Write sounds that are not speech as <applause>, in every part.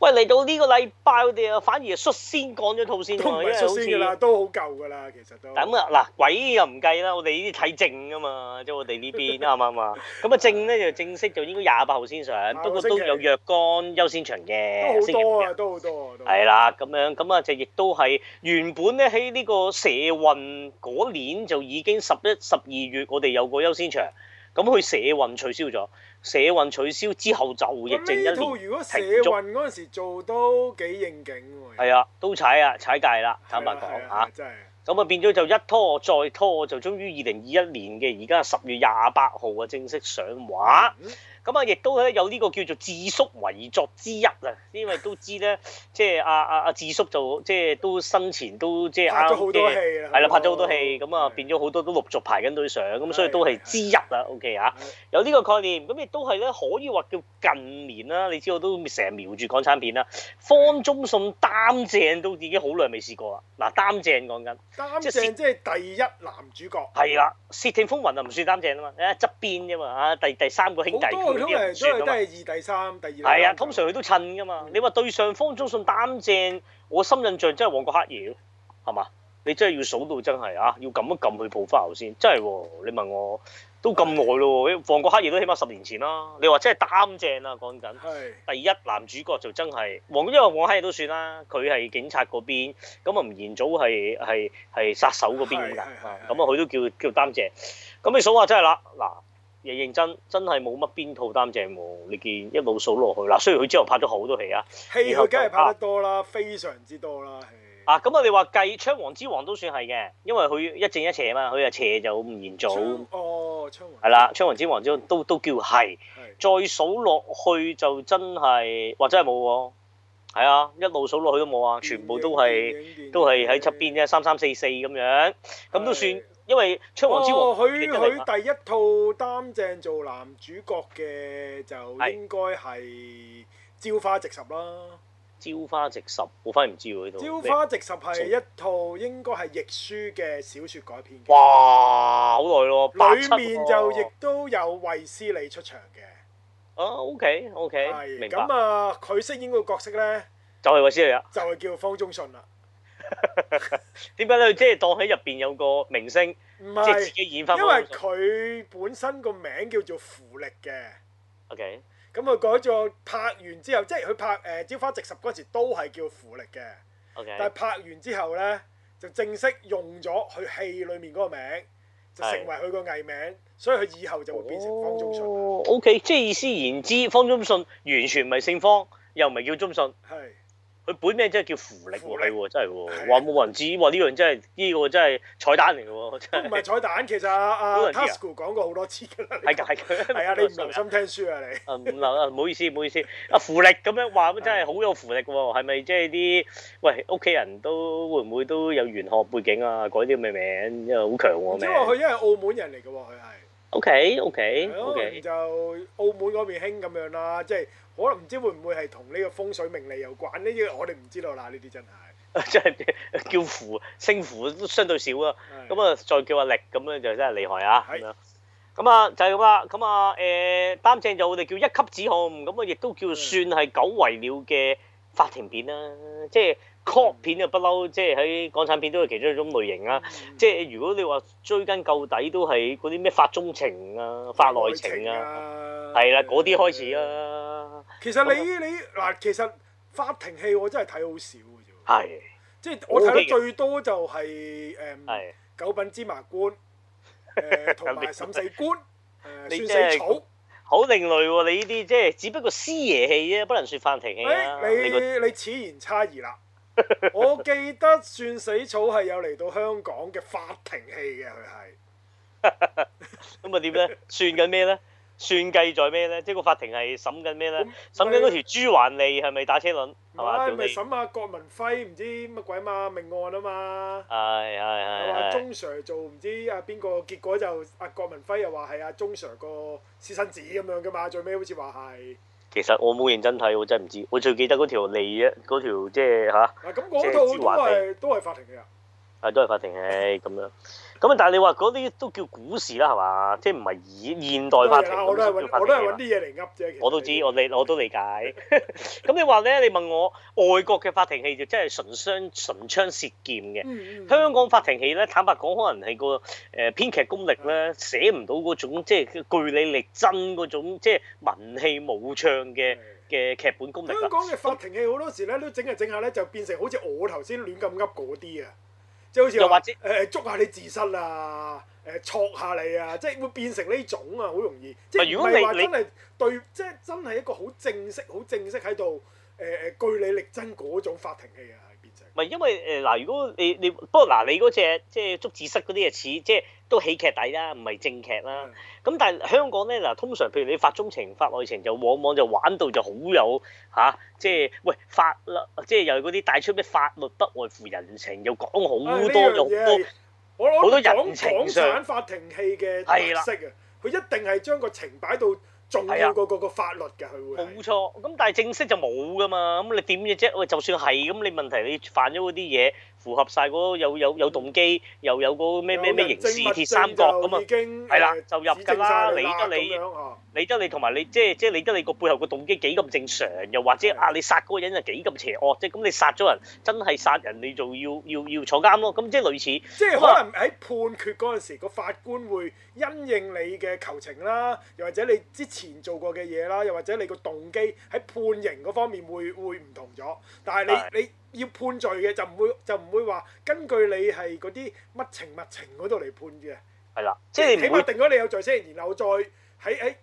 喂，嚟到呢個禮拜，我哋又反而率先講咗套先，都唔係率先嘅啦，好都好夠嘅啦，其實都。咁啊嗱，鬼又唔計啦，我哋呢啲睇正㗎嘛，即係我哋 <laughs> 呢邊啱唔啱啊？咁啊正咧就正式就應該廿八號先上， <laughs> 不過都有若干優先場嘅，好多啊，都好多啊，係、啊、啦，咁樣咁啊，就亦都係原本咧喺呢個社運嗰年就已經十一十二月，我哋有個優先場。咁佢社運取消咗，社運取消之後就疫症一年停足。嗰陣時做都幾應景喎。係啊，都踩，踩大啊，踩界啦。坦白講嚇，咁啊，啊，啊真變咗就一拖再拖，就終於二零二一年嘅而家十月廿八號啊，正式上畫。嗯咁啊，亦都咧有呢個叫做智叔遺作之一啊，因為都知咧，即係阿阿阿智叔就即係都生前都即係啊，拍咗好多戲啦，係啦，拍咗好多戲，咁啊我變咗好多都陸續排緊對上，咁的所以都係之一啊。o k 吓，okay, 的有呢個概念，咁亦都係咧可以話叫近年啦，你知我都成日瞄住港產片啦，方中信擔正都已經好耐未試過啊，嗱擔正講緊，擔正即係第一男主角，係啦，嗯，《竊聽、嗯、風雲》啊唔算擔正啊嘛，啊側邊啫嘛嚇，第第三個兄弟。通常都係都係二第三，第二。係啊，通常佢都襯噶嘛。你話對上方中信擔正，我深印象真係旺角黑夜咯，係嘛？你真係要數到真係啊，要撳一撳去鋪花頭先，真係喎。你問我都咁耐咯喎，旺角黑夜都起碼十年前啦。你話真係擔正啊，講緊。第一男主角就真係旺，因為旺角黑夜都算啦，佢係警察嗰邊，咁啊吳彥祖係係係殺手嗰邊㗎，咁啊佢都叫叫擔正。咁你數下真係啦，嗱。嘢認真，真係冇乜邊套擔正喎。你見一路數落去，嗱，雖然佢之後拍咗好多戲啊，戲佢梗係拍得多啦，非常之多啦。啊，咁我哋話計《槍王之王》都算係嘅，因為佢一正一邪啊嘛。佢啊邪就吳彥祖，哦，槍王，係啦，《槍王之王》都都都叫係。的再數落去就真係，或者係冇喎。係啊，一路數落去都冇啊，全部都係都係喺側邊啫，三三四四咁樣，咁的都算，因為《槍王之王》佢佢、哦、第一套擔正做男主角嘅就應該係《朝花夕拾》啦、啊，《朝花夕拾》我反而唔知喎呢度，《朝花夕拾》係一套應該係亦舒嘅小說改編嘅，哇，好耐咯，啊、裡面就亦都有衛斯理出場嘅。哦，OK，OK，明白。咁啊，佢飾演個角色咧，就係個小樣，就係叫方中信啦。點解咧？即係當喺入邊有個明星，即係自己演翻。因為佢本身個名叫做符力嘅。OK。咁啊，佢改咗拍完之後，即係佢拍《誒朝花夕拾》嗰時都係叫符力嘅。OK。但係拍完之後咧，就正式用咗佢戲裏面嗰個名，就成為佢個藝名。所以佢以後就會變成方中信 O、oh, K，、okay. 即係意思言之，方中信完全唔係姓方，又唔係叫中信。係是，佢本名真係叫符力喎，真係喎，話冇人知喎，呢樣真係呢個真係彩蛋嚟嘅喎，真係。唔係彩蛋，其實阿阿 Tusk 講過好多次㗎啦，係介係啊，你唔用的心聽書啊你。 <laughs> 啊唔嗱唔好意思，唔好意思，阿符力咁樣話真係好有符力喎、哦，係咪即係啲？喂，屋企人都會唔會都有玄學背景啊？改啲咩名，名，名，名，名，名，因為好強喎。唔知佢因為澳門人嚟嘅喎，佢係。O K O K，o k 就澳門嗰邊興咁樣啦，即係可能唔知會唔會係同呢個風水命理有關呢？因為我哋唔知道啦，呢啲真係。即係 <laughs> 叫符，升符都相對少啊。咁啊的，再叫阿力咁樣就真係厲害的、就是、啊！咁、呃、啊，就係咁啦。咁啊，誒擔正就我哋叫一級指控，咁啊亦都叫算係久違了嘅法庭片啦，的即係。Cop 片就不嬲，即係喺港產片都係其中一種類型啦。即係如果你話追根究底，都係嗰啲咩法中情啊、法內情啊，係啦，嗰啲開始啦。其實你你嗱，其實法庭戲我真係睇好少嘅啫。係。即係我睇得最多就係誒九品芝麻官，誒同埋審死官，你算死草，好另類喎！你呢啲即係只不過師爺戲啫，不能說法庭戲。你你此言差異啦。我記得算死草係有嚟到香港嘅法庭戲嘅佢係，咁啊，點咧？算緊咩咧？算計在咩咧？即係個法庭係審緊咩咧？審緊嗰條豬環利係咪打車輪？唔係是，咪審阿郭文輝唔知乜鬼嘛命案啊嘛？係係係。話鍾 Sir 做唔知阿邊個，結果就阿郭文輝又話係阿鍾 Sir 個私生子咁樣噶嘛？最尾好似話係。其實我冇認真睇，我真係唔知。我最記得嗰條脷啊，嗰條即係嚇。啊，咁講到都係都係法庭戲。係都係法庭戲，咁樣。咁但係你話嗰啲都叫古時啦，係嘛？即係唔係現現代法庭，我都係揾啲嘢嚟噏啫。我都知，我理我都理解。咁你話咧，你問我外國嘅法庭戲就真係唇槍唇槍舌劍嘅。香港法庭戲咧，坦白講，可能係個誒編劇功力咧，寫唔到嗰種即係據理力爭嗰種即係文戲武唱嘅嘅劇本功力啦。香港嘅法庭戲好多時咧都整下整下咧就變成好似我頭先亂咁噏嗰啲啊！即就好似誒捉下你自殺啊，誒、呃、戳下你啊，即係會變成呢種啊，好容易。唔係話真係對，即係真係一個好正式、好正式喺度誒誒據理力爭嗰種法庭戲啊，變成。唔係因為誒嗱、呃，如果你你不過嗱、呃，你嗰隻即係捉自殺嗰啲啊，似即係。都喜劇底啦，唔係正劇啦。咁但係香港咧，嗱，通常譬如你法中情、法外情，就往往就玩到就好有嚇、啊，即係喂法律，即係又嗰啲帶出咩法律不外乎人情，又講好多，好、啊、多。好說多人情上法庭戲嘅特色啊，佢的一定係將個情擺到重要過個的個法律嘅，佢會冇錯。咁但係正式就冇㗎嘛，咁你點嘅啫？喂，就算係咁，你問題你犯咗嗰啲嘢。符合晒嗰有有有動機，又有個咩咩咩刑事鐵三角咁啊，係啦就，嗯、就入㗎啦樣，理得你，你、就是、理得你同埋你即係即係理得你個背後個動機幾咁正常，又或者是的 啊你殺嗰個人係幾咁邪惡，即係咁你殺咗人真係殺人，你就要要要，要坐監咯。咁即係類似。即係可能喺判決嗰陣時，個法官會因應你嘅求情啦，又或者你之前做過嘅嘢啦，又或者你個動機喺判刑嗰方面會會唔同咗，但係你你。要判罪嘅就唔會就唔會話根據你係嗰啲乜情乜情嗰度嚟判嘅。係啦，即係起碼定咗你有罪先，然後再喺喺誒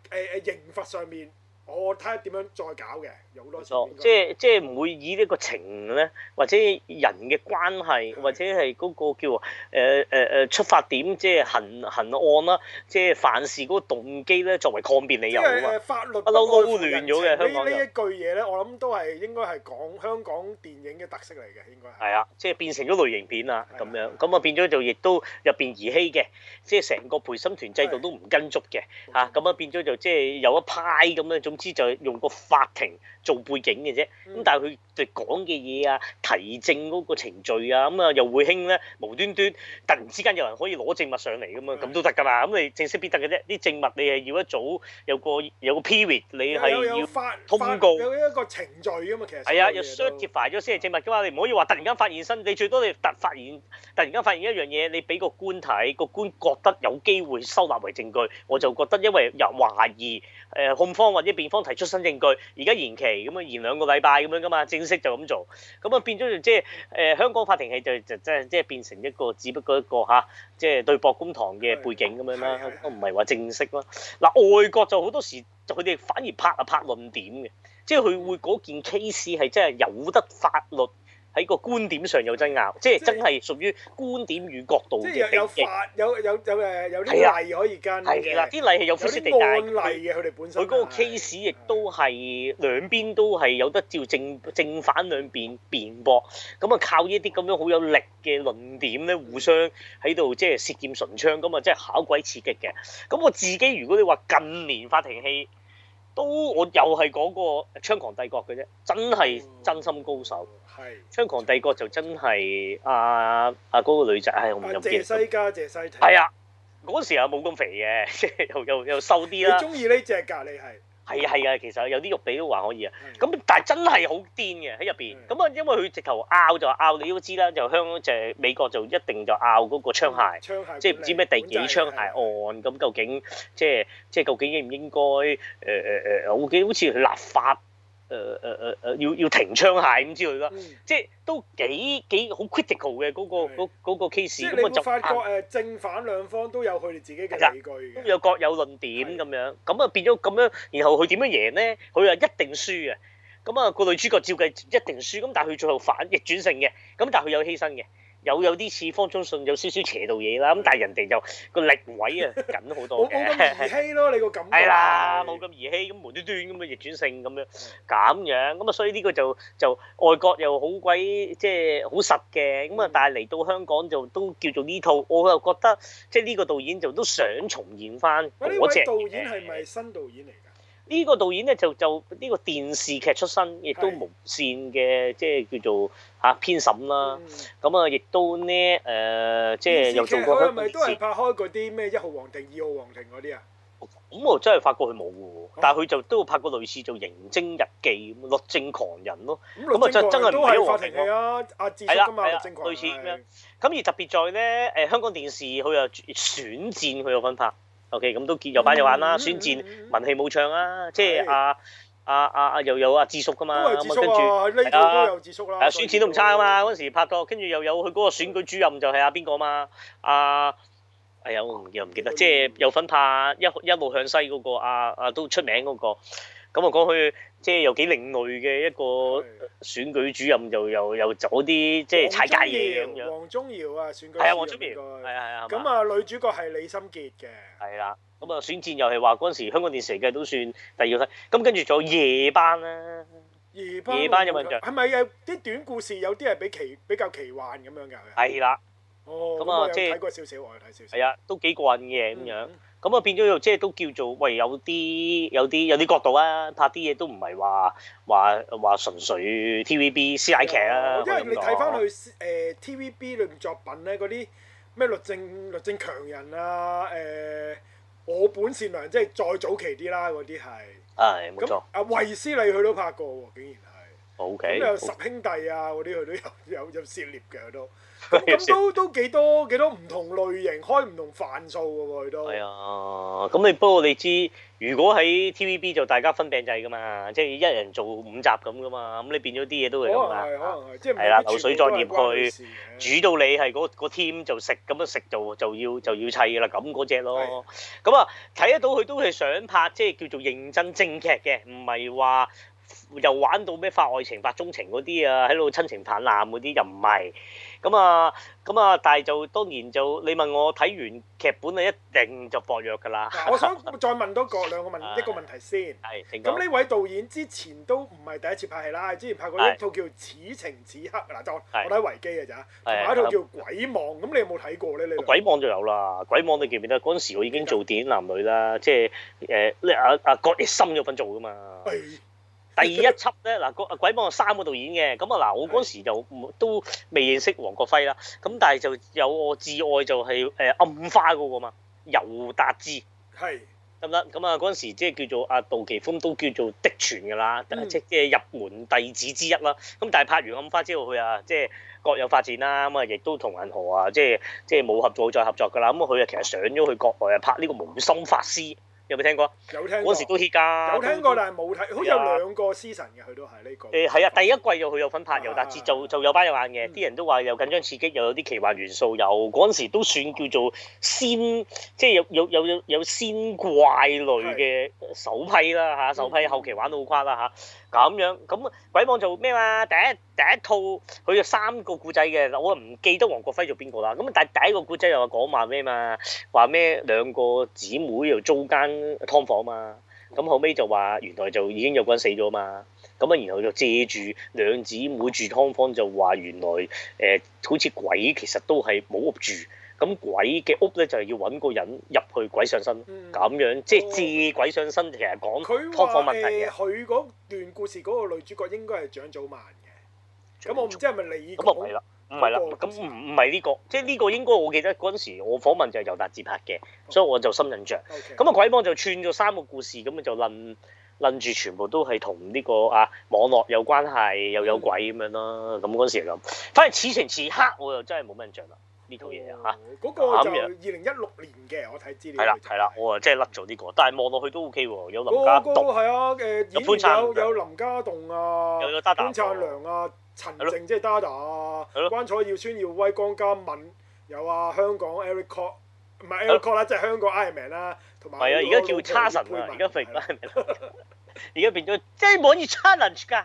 誒刑罰上面。我睇下點樣再搞嘅，有好多即係即係唔會以呢個情咧，或者人嘅關係，或者係嗰個叫誒誒誒出發點，即係行行案啦，即係凡事嗰個動機咧，作為抗辯理由，法律不嬲亂咗嘅香港。咁呢一句嘢咧，我諗都係應該係講香港電影嘅特色嚟嘅，應該係。啊，即係變成咗類型片啊，咁樣咁啊變咗就亦都入邊兒戲嘅，即係成個陪審團制度都唔跟足嘅嚇，咁啊變咗就即係有一派咁樣種。總之就用個法庭，做背景嘅啫，咁但係佢講嘅嘢啊、提證嗰個程序啊，咁啊又會興咧，無端端突然之間有人可以攞證物上嚟㗎嘛，咁都得㗎嘛，咁你正式必得嘅啫，啲證物你係要一早有個有個 period，你係要通告有有有發發。有一個程序啊嘛，其實係啊，又 certify 咗先係證物㗎嘛，的你唔可以話突然間發現新，你最多你突發現突然間發現一樣嘢，你俾個官睇，個官覺得有機會收納為證據，我就覺得因為有懷疑，誒、呃、控方或者辯方提出新證據，而家延期。咁啊，演兩個禮拜咁樣噶嘛，正式就咁做，咁啊變咗即係誒香港法庭戲就就即係即係變成一個，只不過一個嚇，即、啊、係、就是、對搏公堂嘅背景咁樣啦，唔係話正式啦。嗱、呃，外國就好多時，佢哋反而拍啊拍論點嘅，即係佢會嗰件 case 係真係有得法律。喺個觀點上有爭拗，即係真係屬於觀點與角度嘅對立。有有有有有啲例可以跟。係、啊、啦，啲例係有灰色地帶嘅佢哋本身。佢嗰個 case 亦都係兩邊都係有得照正正反兩邊辯駁，咁啊靠呢啲咁樣好有力嘅論點咧，互相喺度即係舌劍唇槍，咁啊即係考鬼刺激嘅。咁我自己如果你話近年法庭戲，都我又係講，嗰個《槍狂帝國》嘅啫，真係真心高手。係、哦《槍狂帝國》就真係啊，阿、啊、嗰、嗰個女仔，唉，我唔記得。謝西家，謝西。係啊，嗰時啊冇咁肥嘅， <laughs> 又又又瘦啲啦。你中意呢隻㗎？你係。係啊係啊，其實有啲肉地都還可以啊。咁但係真係好癲嘅喺入邊。咁啊，因為佢直頭拗就拗，你都知啦，就向即係美國就一定就拗嗰個槍械，即係唔知咩第幾槍械案咁、嗯嗯、究竟，即係即係究竟應唔應該誒誒誒，我、呃、見好似立法。誒誒誒誒要要停槍械咁之類啦，即係都幾幾好 critical 嘅嗰、嗰個 case。咁、嗯。我、嗰個、就會發覺正反兩方都有佢哋自己嘅理據，各有論點咁樣，咁啊變咗咁樣，然後佢點樣贏咧？佢啊一定輸嘅，咁、那、啊個女主角照計一定輸，咁但係佢最後反逆轉勝嘅，咁但係佢有犧牲嘅。有有啲似方中信有少少邪道嘢啦，咁但係人哋就個力位啊緊好多嘅。冇咁兒戲咯，你個感覺。係 <laughs> 啦，冇咁兒戲，咁無端端咁嘅逆轉性咁樣，咁樣咁啊、嗯，所以呢個就就外國又好鬼即係好實嘅，咁啊但係嚟到香港就都叫做呢套，我又覺得即係呢個導演就都想重現翻嗰隻。喂，呢位導演係咪新導演嚟？呢個導演咧就就呢個電視劇出身，亦都無線嘅即係叫做嚇編審啦。咁啊，亦都呢，誒即係又做過。佢係咪都係拍開嗰啲咩一號皇庭、二號皇庭嗰啲啊？咁我真係發覺佢冇嘅喎，但係佢就都拍過類似做《刑偵日記》《律政狂人》咯。咁律政狂人都係皇庭嚟啊！阿志啊嘛，律政狂人。咁而特別在咧，誒香港電視，佢又選戰佢有份拍。O.K. 咁都幾有板有眼啦，宣、嗯、戰文戲冇唱啊，即係阿阿阿阿又又阿智叔噶嘛，咁啊、嗯、跟住阿宣戰都唔差噶嘛，嗰、嗯、時拍過，跟住又有佢嗰個選舉主任就係阿邊個嘛，阿、啊、哎呀，我唔記唔記得，即係、嗯、有份拍一一路向西嗰、那個阿、啊啊、都出名嗰、那個，咁啊講佢。啊啊即係又幾另類嘅一個選舉主任，又又又做啲即係踩街嘢咁樣。黃宗耀啊，選舉主任。係啊，黃宗耀，係啊係啊。咁啊，女主角係李心潔嘅。係啦。咁啊，選戰又係話嗰陣時香港電視嘅都算第二個。咁跟住仲有夜班啦。夜班有冇印象？係咪有啲短故事？有啲係比奇比較奇幻咁樣㗎？係啦。哦。咁啊，即係睇過少少，我睇少少。係啊，都幾過癮嘅咁樣。咁啊變咗又即係都叫做，喂，有啲有啲有啲角度啊，拍啲嘢都唔係話話話純粹 TVB 師奶劇啊，因為對你睇翻佢誒 TVB 裏面作品咧，嗰啲咩律政律政強人啊誒、呃、我本善良即係再早期啲啦，嗰啲係，係咁、哎、啊，衛斯理佢都拍過喎、啊，竟然係。O K。咁有十兄弟啊嗰啲佢都有都有都有涉獵嘅都。咁都都幾多幾多唔同類型，開唔同範疇噶喎，佢都係啊！咁你不過你知，如果喺 TVB 就大家分餅仔噶嘛，即係一人做五集咁噶嘛。咁你變咗啲嘢都會咁啦。可係、哦，可能係，係唔啦，流水作業佢煮到你係個 team，那個、就食，咁啊食就就要就要砌啦咁嗰隻咯。咁啊睇得到佢都係想拍，即係叫做認真正劇嘅，唔係話又玩到咩發愛情、發忠情嗰啲啊，喺度親情泛濫嗰啲又唔係。咁啊，咁啊、嗯嗯，但係就當然就你問我睇完劇本啊，你一定就薄弱噶啦。我想再問多個 <laughs> 兩個問一個問題先。係。咁呢位導演之前都唔係第一次拍戲啦，之前拍過一套叫《此情此刻》嗱，就的我睇維基嘅咋，同埋的一套叫《鬼網》。咁你有冇睇過呢？呢個《鬼網》就有啦，《鬼網》你記唔記得？嗰陣時我已經做電影男女啦，即係誒阿阿郭逸森有份做噶嘛。第一輯咧嗱，鬼鬼幫有三個導演嘅，咁啊嗱，我嗰時就都未認識王國輝啦，咁但係就有我至愛就係誒暗花嗰個嘛，游達志，係得唔得？咁啊嗰陣時即係叫做阿杜琪峰，都叫做嫡傳㗎啦，即係即係入門弟子之一啦。咁但係拍完暗花之後，佢啊即係各有發展啦。咁啊亦都同銀河啊即係即係冇合作再合作㗎啦。咁啊佢啊其實上咗去國內啊拍呢、這個無心法師。有冇聽過？有聽嗰陣時都 hit 㗎。有聽過，聽過但係冇睇，好似、啊、有兩個 season 嘅，佢都係呢、這個。誒係、欸、啊，第一季又佢有份拍，又但係就做有班有眼嘅，啲、啊嗯、人都話又緊張刺激，又有啲奇幻元素，有嗰陣時都算叫做仙，即係有有有有有仙怪類嘅首批啦嚇是、啊，首批、嗯、後期玩到好誇啦嚇。啊咁樣，咁鬼網做咩嘛、啊？第一第一套佢有三個故仔嘅，我唔記得王國輝做邊個啦。咁但係第第一個故仔又話講話咩嘛？話咩兩個姊妹又租間劏房嘛？咁後尾就話原來就已經有個人死咗嘛？咁啊，然後就借住兩姊妹住劏房就話原來誒、呃、好似鬼其實都係冇屋住。咁鬼嘅屋咧就係、是、要揾個人入去鬼上身，咁、嗯、樣即係治鬼上身。其實講湯房說問題嘅，佢嗰、呃、段故事嗰個女主角應該係張祖曼嘅。咁祖我唔知係咪你咁啊？唔係啦，唔係啦，咁唔唔係呢個，即係呢個應該我記得嗰陣時我訪問就係由達自拍嘅，嗯、所以我就深印象。咁啊，鬼幫就串咗三個故事，咁啊就輪輪住全部都係同呢個啊網絡有關係又有鬼咁樣啦。咁嗰陣時咁，反正此情此刻我又真係冇咩印象啦。呢套嘢啊嚇，嗰個就二零一六年嘅，我睇資料係啦，係啦，我啊即係甩咗呢個，但係望落去都 OK 喎，有林家棟係啊，誒有潘燦良啊，陳靜即係 Dada 啊，關楚耀、孫耀威、江嘉敏有啊，香港 Eric Kwok 唔係 Eric Kwok 啦，即係香港 Iron Man 啦，同埋係啊，而家叫叉神啊，而家唔 i 而家變咗，即係唔可以 challenge 㗎，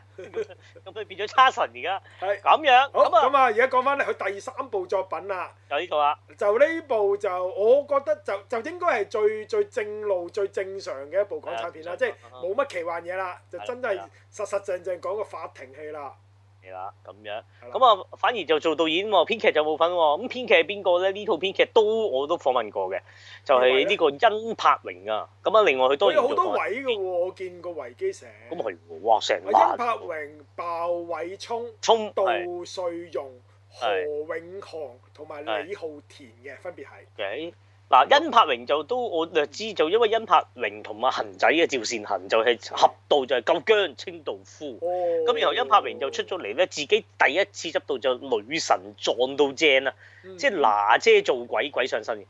咁所以變咗差神。而家係咁樣，好咁啊！而家講翻咧，佢第三部作品啦，就呢套啦。就呢部就我覺得就就應該係最最正路最正常嘅一部港產片啦，即係冇乜奇幻嘢啦，就真係的實實正正講個法庭戲啦。係啦，咁樣，咁啊的反而就做導演喎，編劇就冇份喎。咁編劇係邊個咧？呢套編劇都我都訪問過嘅，就係、係、呢個殷柏榮啊。咁啊，另外佢當然有好多位嘅喎，我見過維基社。咁係哇！成殷柏榮、爆偉聰、聰杜瑞容、的何永航同埋李浩田嘅分別係。的嗱，殷柏榮就都我略知，就因為殷柏榮同阿恒仔嘅趙善恆就係合導就係救殭清道夫，咁、哦、然後殷柏榮就出咗嚟咧，自己第一次執到就女神撞到正啦，嗯、即係娜姐做鬼鬼上身嘅，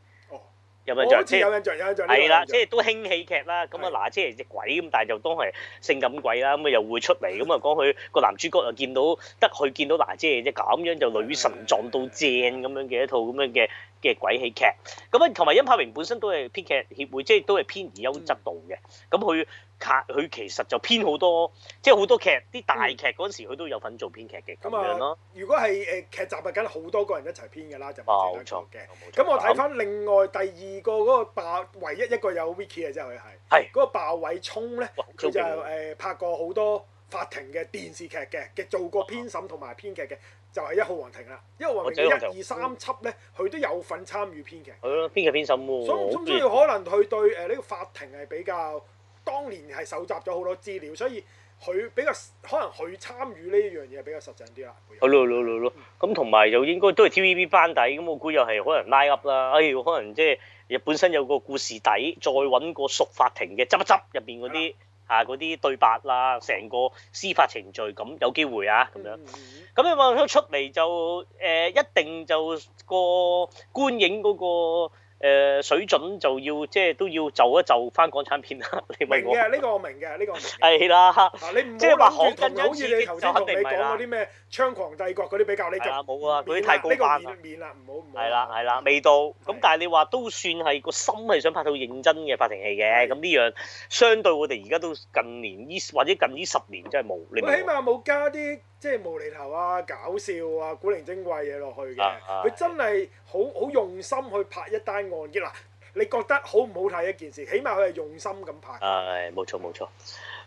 有冇印象？有印象有了印象。係啦，即係都興喜劇啦，咁啊娜姐係隻鬼咁，但係就當係性感鬼啦，咁啊又會出嚟，咁啊講佢個男主角又見到得佢 <laughs> 見到娜姐即啫，咁樣就女神撞到正咁樣嘅一套咁樣嘅。嘅鬼喜劇，咁啊同埋殷柏榮本身都係編劇協會，即係都係編而優則導嘅，咁佢卡佢其實就編好多，即係好多劇啲大、嗯、劇嗰陣時，佢都有份做編劇嘅咁樣咯。如果係誒、呃、劇集，梗係好多個人一齊編嘅啦，就冇、啊、錯嘅。咁我睇翻另外第二個嗰、嗰個爆唯一一個有 wiki 嘅，即係佢係係嗰個鮑偉聰咧，佢就誒、呃、拍過好多法庭嘅電視劇嘅，嘅做過編審同埋編劇嘅。就係一號皇庭啦，一號皇庭嘅一二三輯咧，佢都有份參與編劇。係咯，編劇編審喎。所以可能佢對誒呢、呃呢個法庭係比較，當年係搜集咗好多資料，所以佢比較可能佢參與呢樣嘢比較實際啲啦。好咯好咯好咯，咁同埋又應該都係 TVB 班底，咁我估又係可能拉 Up 啦、哎，哎呦可能即、就、係、是、本身有個故事底，再揾個熟法庭嘅執一執入邊嗰啲。撿啊！嗰啲對白啦，成個司法程序咁有機會啊，咁樣咁你望到出嚟就誒、呃，一定就個觀影嗰、嗰個。誒水準就要即係都要就一就翻港產片啦，你明嘅？呢個我明嘅，呢個係啦。的你唔好亂講嘢，頭先同你講嗰啲咩猖狂帝國嗰啲比較，的你就冇啊，嗰啲太過扮啦。呢個免唔好唔係啦係啦未到。咁的但係你話都算係個心係想拍套認真嘅法庭戲嘅，咁呢的樣相對我哋而家都近年依或者近依十年真係冇。你起碼冇加啲。即係無厘頭啊、搞笑啊、古靈精怪嘢落去嘅，佢、啊啊、真係好好用心去拍一單案件嗱。你覺得好唔好睇一件事？起碼佢係用心咁拍。係、啊，冇錯冇錯。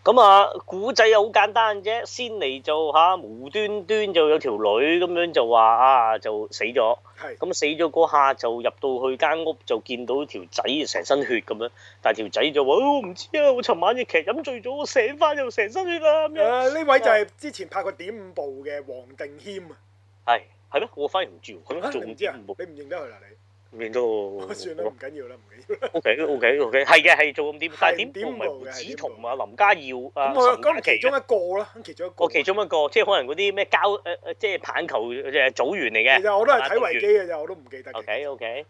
咁啊，古仔又好簡單啫，先嚟就嚇無端端就有條女咁樣就話啊，就死咗。係的，咁死咗嗰下就入到去間屋就見到條仔成身血咁樣，但係條仔就話、哦：我唔知啊，我尋晚嘅其實飲醉咗，我醒翻又成身血啦咁樣。呢、呃、位就係之前拍過點五步嘅黃定謙啊。係係咩？我反而唔知喎，仲唔知啊？你唔認得佢啦你？都算啦，唔緊要啦，唔緊要啦。O K，O K，O K，係嘅，係做咁點，但係點？點做嘅？係胡紫同啊，林家耀啊。唔係，講其中一個啦，其中一個。其中一個，即係可能嗰啲咩膠誒誒，即係棒球嘅組員嚟嘅。其實我都係睇維基嘅啫，我都唔記得。O K，O K。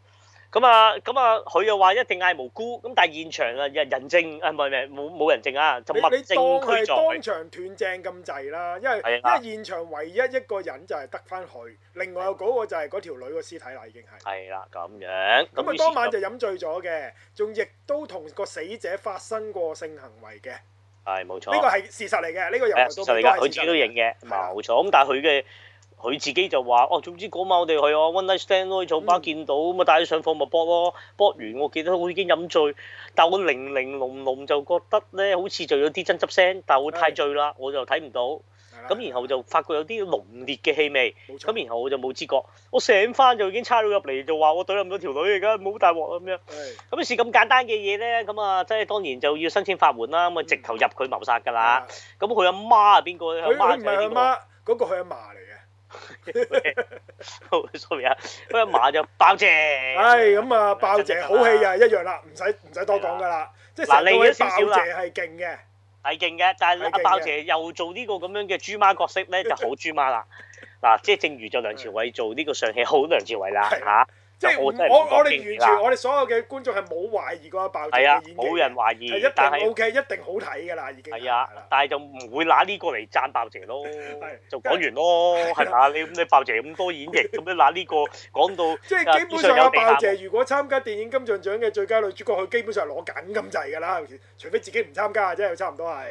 咁啊，咁啊，佢又話一定嗌無辜，咁但係現場啊，人人證啊，唔係唔係冇冇人證啊，就物證居狀。你當係當場斷正咁滯啦，因為、啊、因為現場唯一一個人就係得翻佢，另外嗰個就係嗰條女個屍體啦，已經係。係啦、啊，咁樣。咁佢、啊、當晚就飲醉咗嘅，仲亦都同個死者發生過性行為嘅。係冇錯。呢個係事實嚟嘅，呢、呢個由嚟都係佢自己都認嘅、啊，冇錯。咁但係佢嘅。佢自己就話：哦，總之嗰晚我哋去啊，one night stand 咯，酒吧見到咁啊，帶佢上課咪搏咯，搏完我記得我已經飲醉，但我零零濛濛就覺得咧，好似就有啲爭執聲，但係我太醉啦，我就睇唔到。咁然後就發覺有啲濃烈嘅氣味，咁錯然後我就冇知覺，我醒翻就已經差佬入嚟就話我對咁多條女而家冇大鑊咁樣。咁於是咁簡單嘅嘢咧，咁啊，即係當然就要申請法援啦，咁啊直頭入佢謀殺㗎啦。咁佢阿媽係邊個咧？佢唔係佢阿媽，嗰、嗰個係阿嫲嚟。那個好 <laughs> sorry、 <laughs> 哎、啊，一不一馬就鮑姐，唉咁啊，鮑姐好戲啊，一樣啦，唔使唔使多講噶啦，即係嗱，利咗少少啦，係勁嘅，係勁嘅，但係阿鮑姐又做呢個咁樣嘅豬媽角色咧，就好豬媽啦，嗱，即係正如就梁朝偉做呢個上戲好梁朝偉啦吓。即係我我哋完全我哋所有嘅觀眾係冇懷疑過阿爆姐嘅演技冇人懷疑，係一定 OK，一定好睇㗎啦，已經。係啊，但係就唔會拿呢個嚟贊爆姐咯，就講完咯，係咪啊？你你爆姐咁多演繹，咁樣拿呢個講到，即係基本上阿爆姐如果參加電影金像獎嘅最佳女主角，佢基本上攞緊咁滯㗎啦，除非自己唔參加啊，即係佢差唔多係。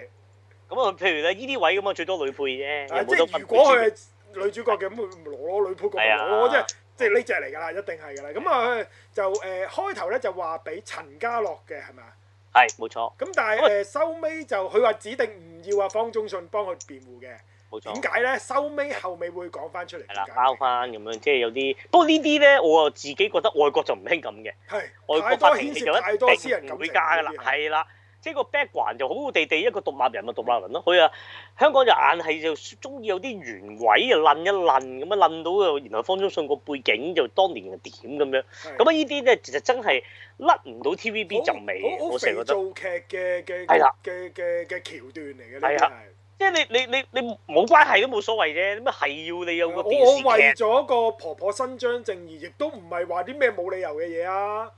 咁啊，譬如咧呢啲位咁啊，最多女配啫。即係如果佢係女主角嘅咁，佢攞女配嘅即係。即係呢隻嚟㗎啦，一定係㗎啦。咁、嗯、啊、呃，就誒、呃、開頭咧就話俾陳家樂嘅係咪啊？係，冇錯。咁但係誒收尾就佢話指定唔要啊方中信幫佢辯護嘅，冇錯。點解咧？收尾後尾會講翻出嚟，交翻咁樣，即係有啲。不過呢啲咧，我自己覺得外國就唔興咁嘅，係是外國多牽涉太多私人感情嘅嘢。係啦。即係個 background 就好好地地一個獨立人物獨立人咯，佢啊香港就硬係就中意有啲原委啊，論一論咁啊，論到原來方中信個背景就，就，就摸摸背景當年係點咁樣，咁啊依啲咧其實真係甩唔到 TVB 就未。我成日覺得，好肥做劇嘅嘅係啦嘅嘅嘅橋段嚟嘅呢啲係，即係你你你你冇關係都冇所謂啫，乜係要你有個電視劇我，我為咗個婆婆伸張正義，亦都唔係話啲咩冇理由嘅嘢啊！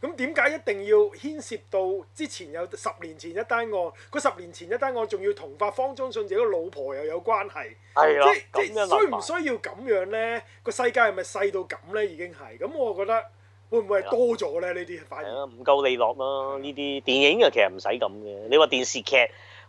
咁點解一定要牽涉到之前有十年前一單案？個十年前一單案仲要同發方中信自己個老婆又有關係，的即係即係需唔需要咁樣呢？個世界係咪細到咁呢？已經係咁，我覺得會唔會係多咗呢？呢啲的反應唔夠利落咯呢啲電影啊，其實唔使咁嘅。你話電視劇？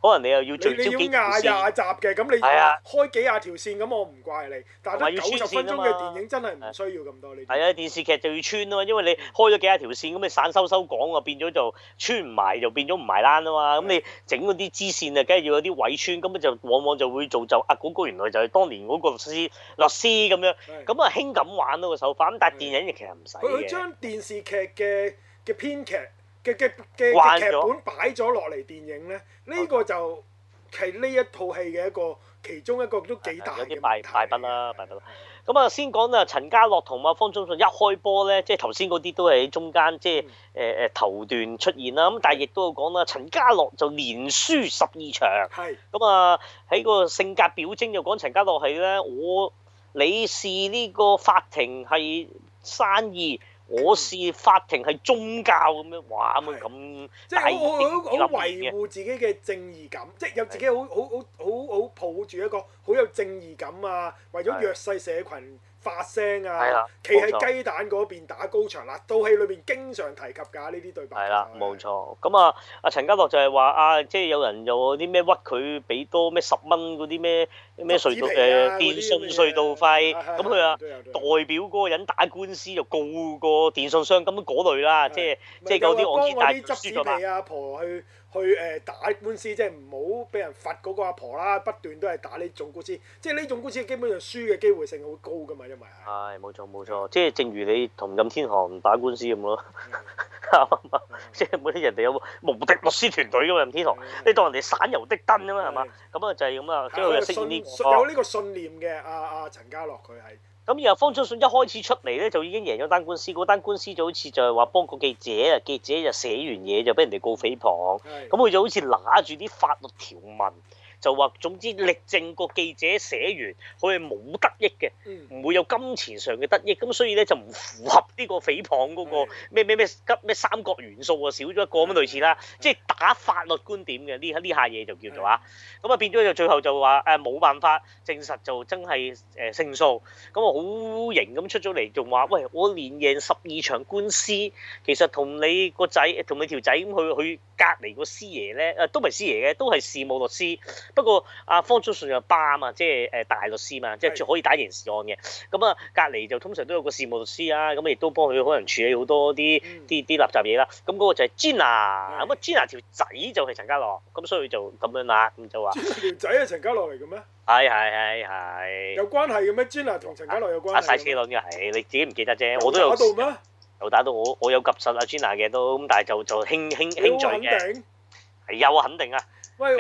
可能你又要最幾廿集嘅，咁你係啊，開幾廿條線，咁我唔怪你。但係九十分鐘嘅電影真係唔需要咁多呢啲。係啊，電視劇就要穿咯，因為你開咗幾廿條線，咁你散收收講啊，變咗就穿唔埋，就變咗唔埋單啊嘛。咁你整嗰啲支線啊，梗係要有啲位穿，咁咪就往往就會做。就啊！嗰個原來就係當年嗰個律師，律師咁樣，咁啊輕咁玩咯個手法。咁但係電影其實唔使佢將電視劇嘅嘅編劇。嘅嘅本擺咗落嚟電影咧，呢、這個就係呢一套戲嘅一個其中一個都幾大有啲題。大不啦，大不啦。咁啊的，先講啊，陳家樂同阿方中信一開波咧，即係頭先嗰啲都係喺中間，嗯、即係誒誒頭段出現啦。咁但係亦都有講啦，陳家樂就連輸十二場。係的。咁啊，喺個性格表徵就講陳家樂係咧，我你是呢個法庭係生意。我是法庭係宗教咁樣，哇，咁即係好好好維護自己嘅正義感，的即係有自己好好好好好好抱住一個好有正義感啊，為咗弱勢社群。發聲啊！企喺了雞蛋嗰邊打高牆錯啦，套戲裏邊經常提及㗎呢啲對白、啊。係啦，冇錯。咁啊，阿陳家樂就係話啊，即、就、係、是、有人有啲咩屈佢，俾多咩十蚊嗰啲咩咩隧道誒電信隧道費。咁佢話代表嗰個人打官司就告個電信商咁嗰類啦、啊。即係即係有啲按揭大。幫嗰啲執紙皮阿婆去。去誒打官司，即係唔好俾人罰嗰個阿婆啦！不斷都係打呢種官司，即係呢種官司基本上輸嘅機會性好高噶嘛，因為係。係冇錯冇錯，即係、就是、正如你同任天堂打官司咁咯，即係冇啲人哋有無敵律師團隊噶嘛，任天堂，嗯、你當人哋省油的燈啊嘛，係嘛？咁啊就係咁啊，即係又識啲有呢個信念嘅阿阿陳家樂，佢係。咁然後方中信一開始出嚟呢，就已經贏咗單官司。嗰單官司就好似就係話幫個記者啊，記者就寫完嘢就俾人哋告誹謗，咁佢就好似拿住啲法律條文。就話總之力證個記者寫完佢係冇得益嘅，唔會有金錢上嘅得益，咁所以咧就唔符合呢個誹謗嗰個咩咩咩急咩三角元素啊，少咗一個咁類似啦，即係打法律觀點嘅呢呢下嘢就叫做啊，咁啊變咗就最後就話誒冇辦法證實就真係誒、呃、勝訴，咁啊好型咁出咗嚟，仲話喂我連贏十二場官司，其實同你個仔同你條仔咁去去隔離個師爺咧，誒、啊、都唔係師爺嘅，都係事務律師。不過阿、啊、方叔信就巴啊嘛，即係誒、呃、大律師嘛，即係可以打刑事案嘅。咁啊隔離就通常都有個事務律師啊，咁亦都幫佢可能處理好多啲啲啲垃圾嘢啦。咁嗰、嗯、個就係 Gina 咁啊 Gina 條仔就係陳家樂，咁所以就咁樣啦，咁就話條仔係陳家樂嚟嘅咩？係係係係。有關係嘅咩 Gina 同陳家樂有關係？打曬車輪嘅係，你自己唔記得啫。我都有，有打到咩？有打到我，我有及診啊 Gina 嘅都，但係就就輕輕輕嘴嘅。係有啊，有肯定啊。喂，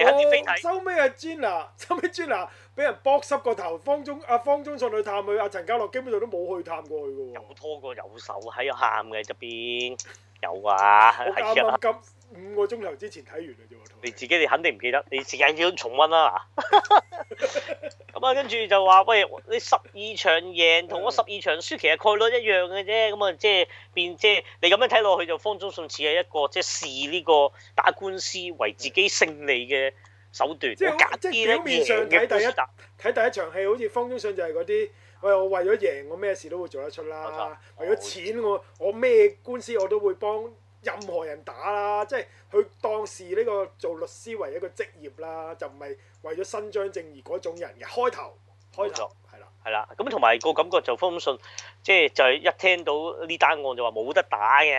收尾阿 Gina 收尾 Gina 俾人搏濕個頭，方中阿方中信去探佢，阿陳家樂基本上都冇去探過佢嘅喎。有拖過有手喺度喊嘅入邊，有啊，係啊。 <laughs> 我今五個鐘頭之前睇完嘅啫，你自己你肯定唔記得，你時間要重温啦、啊。 <laughs> <laughs> 咁啊，跟住就話，喂，你十二場贏同我十二場輸，其實概率一樣嘅啫。咁啊，即係變即係你咁樣睇落去，就方中信似係一個即係視呢個打官司為自己勝利嘅手段。即係是好，即係表面上睇第一睇第，第一場戲，好似方中信就係嗰啲，喂，我為咗贏，我咩事都會做得出啦。錯為咗錢，哦、我我咩官司我都會幫。任何人打啦，即係佢當時呢、呢個做律師為一個職業啦，就唔係為咗伸張正義嗰種人嘅。開頭開頭係啦，係啦，咁同埋個感覺就封信，即係就係、是、一聽到呢單案就話冇得打嘅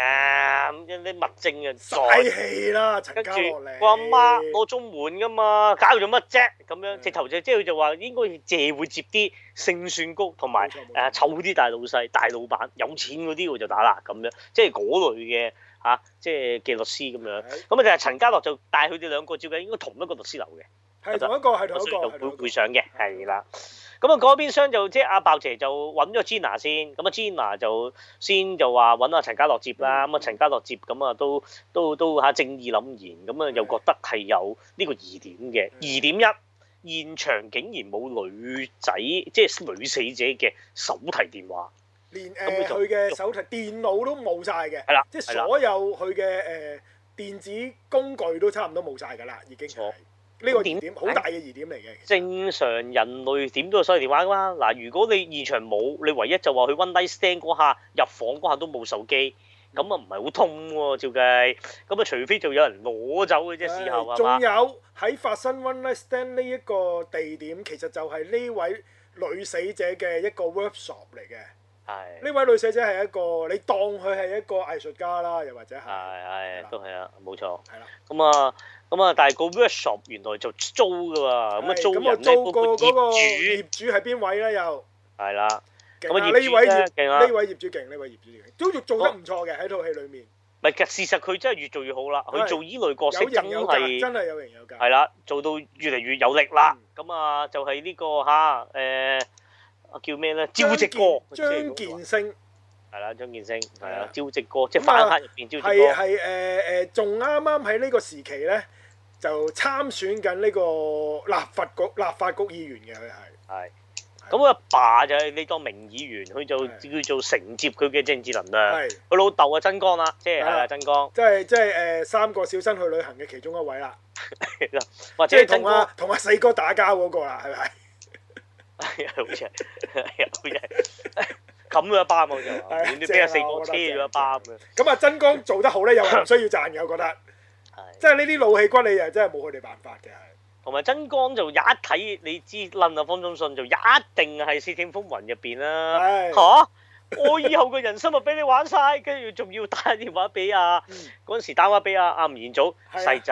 咁啲物證嘅睇戲啦，跟住洛我阿媽，媽我中滿㗎嘛，搞咗乜啫咁樣？嗯、直頭直就即係佢就話應該借會接啲勝算局，同埋誒湊啲大老細、大老闆，有錢嗰啲喎就打啦咁樣，樣，即係嗰類嘅。啊，即係嘅律師咁樣，咁啊就係陳家樂就帶佢哋兩個，照計應該同一個律師樓嘅，係同一個係同一個會會上嘅，係啦。咁啊嗰邊廂就即係阿爆姐就揾咗 Jenna 先，咁啊 Jenna 就先就話揾阿陳家樂接啦，咁啊陳家樂接，咁啊都都都嚇正義凜然，咁啊又覺得係有呢個疑點嘅。疑點一，現場竟然冇女仔，即係女死者嘅手提電話。連誒佢嘅手提電腦都冇晒嘅，的即係所有佢嘅誒電子工具都差唔多冇晒㗎啦。已經呢、就是、錯個點點好大嘅疑點嚟嘅。啊、正常人類點都有手機電話㗎嘛？嗱，如果你現場冇，你唯一就話去 one night stand 嗰下入房嗰下都冇手機，咁啊唔係好通喎，照計咁啊，除非就有人攞走嘅啫。時候啊仲有喺吧發生 one night stand 呢一個地點，其實就係呢位女死者嘅一個 workshop 嚟嘅。係呢位女社姐係一個，你當佢係一個藝術家啦，又或者係，係係都係啊，冇錯。係啦，咁啊，咁啊，但係個 Workshop 原來就租嘅喎，咁啊租人即係嗰個業主，業主係邊位咧？又係啦，咁啊業主咧，呢位業主勁，呢位業主勁，都做做得唔錯嘅喺套戲裡面。唔係其實事實佢真係越做越好啦，佢做呢類角色真係真係有型有格。係啦，做到越嚟越有力啦。咁啊就係呢個嚇誒。叫咩咧？招直哥，張建聲係啦，張建聲係啦，招直哥即係翻黑入邊招直哥，係係誒誒，仲啱啱喺呢個時期咧，就參選緊呢個立法局立法局議員嘅佢係係，咁佢爸就呢當名議員，佢就叫做承接佢嘅政治能量，係佢老豆啊曾江啦，即係曾江，即係即係誒，三個小生去旅行嘅其中一位啦，或者同阿同阿四哥打交嗰個啦，係咪？係、 <laughs> 哎、好正，係啊，好正，冚咗一巴我就俾阿四哥車咗一巴咁啊！咁啊，曾江做得好咧，又啲 <laughs> 人需要賺嘅，我覺得。即係呢啲老氣骨，你又真係冇佢哋辦法嘅。同埋曾江就一睇你知，拎啊方中信就一定係《竊聽風雲》入邊啦，嚇、啊？ <laughs> 我以後嘅人生就俾你玩晒，跟住仲要打電話俾啊陣、嗯、時打電話俾阿阿吳彥祖細侄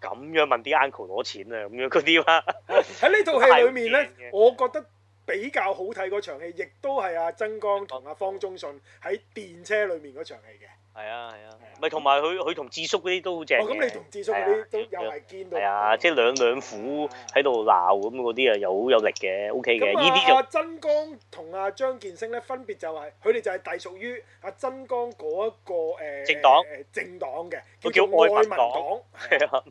咁樣問啲 uncle 攞錢啊咁樣嗰啲啊，喺呢套戲裏面咧，我覺得比較好睇場戲亦都係阿曾江同阿方中信喺電車裏面場戲嘅。係啊係啊，咪同埋佢佢同智叔嗰啲都好正。哦，咁你同智叔嗰啲都又係見到。係啊，即係兩兩虎喺度鬧咁嗰啲啊，又好有力嘅，OK 嘅。呢啲咁啊，曾剛同阿張建升咧，分別就係佢哋就係隸屬於阿曾剛嗰一個誒政黨。政黨嘅。佢叫愛民黨。係啊。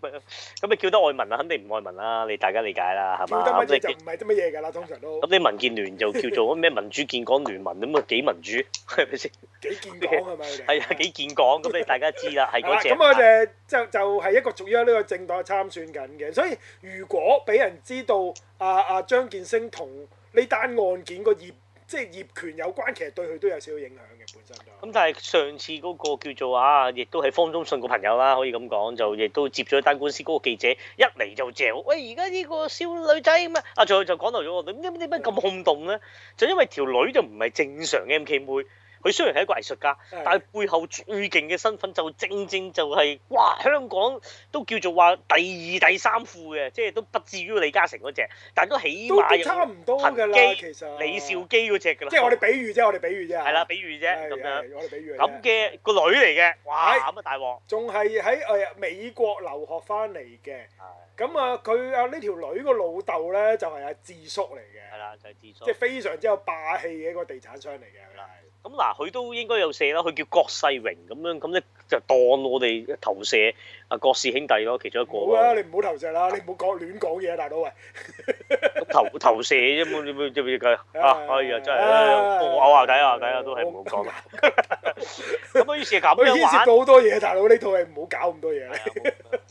咁你叫得愛民啊？肯定唔愛民啦，你大家理解啦，係嘛？叫得乜唔係啲乜嘢㗎啦，通常都。咁你民建聯就叫做咩民主建港聯盟咁啊？幾民主係咪先？幾建港係咪？係啊，幾。見講咁咪大家知啦，係嗰隻。咁我哋就就係一個屬於呢個政黨參選緊嘅，所以如果俾人知道阿阿、啊啊、張建升同呢單案件個業即係、就是、業權有關，其實對佢都有少少影響嘅本身、就是。咁但係上次嗰個叫做啊，亦都係方中信個朋友啦，可以咁講就亦都接咗單官司。嗰個記者一嚟就借：「喂而家呢個少女仔咁啊，阿俊就講到咗，點點點解咁轟動咧？就因為條女就唔係正常 M K 妹。佢雖然係一個藝術家，但係背後最勁嘅身份就正正就係哇！香港都叫做話第二、第三富嘅，即係都不至於李嘉誠嗰隻，但都起碼都差唔多嘅啦。其實李兆基嗰隻嘅啦，即係我哋比喻啫，我哋比喻啫。係啦，比喻啫咁樣。我哋比喻啫咁嘅個女嚟嘅，哇！大鑊，仲係喺誒美國留學翻嚟嘅。咁啊，佢啊，呢條女個老豆咧，就係阿智叔嚟嘅。係啦，就係智叔，即係非常之有霸氣嘅一個地產商嚟嘅。嗱。咁嗱，佢都應該有射啦，佢叫郭世榮咁樣，咁咧就當我哋投射啊，郭氏兄弟咯，其中一個。唔該啊，你唔好投射啦，你唔好講亂講嘢啊，大佬喂。投投射啫，冇冇知唔知佢啊？哎呀，真係啦，我話睇啊睇啊，都係唔好講。咁咪以前咁樣玩。牽涉到好多嘢，大佬，呢套係唔好搞咁多嘢。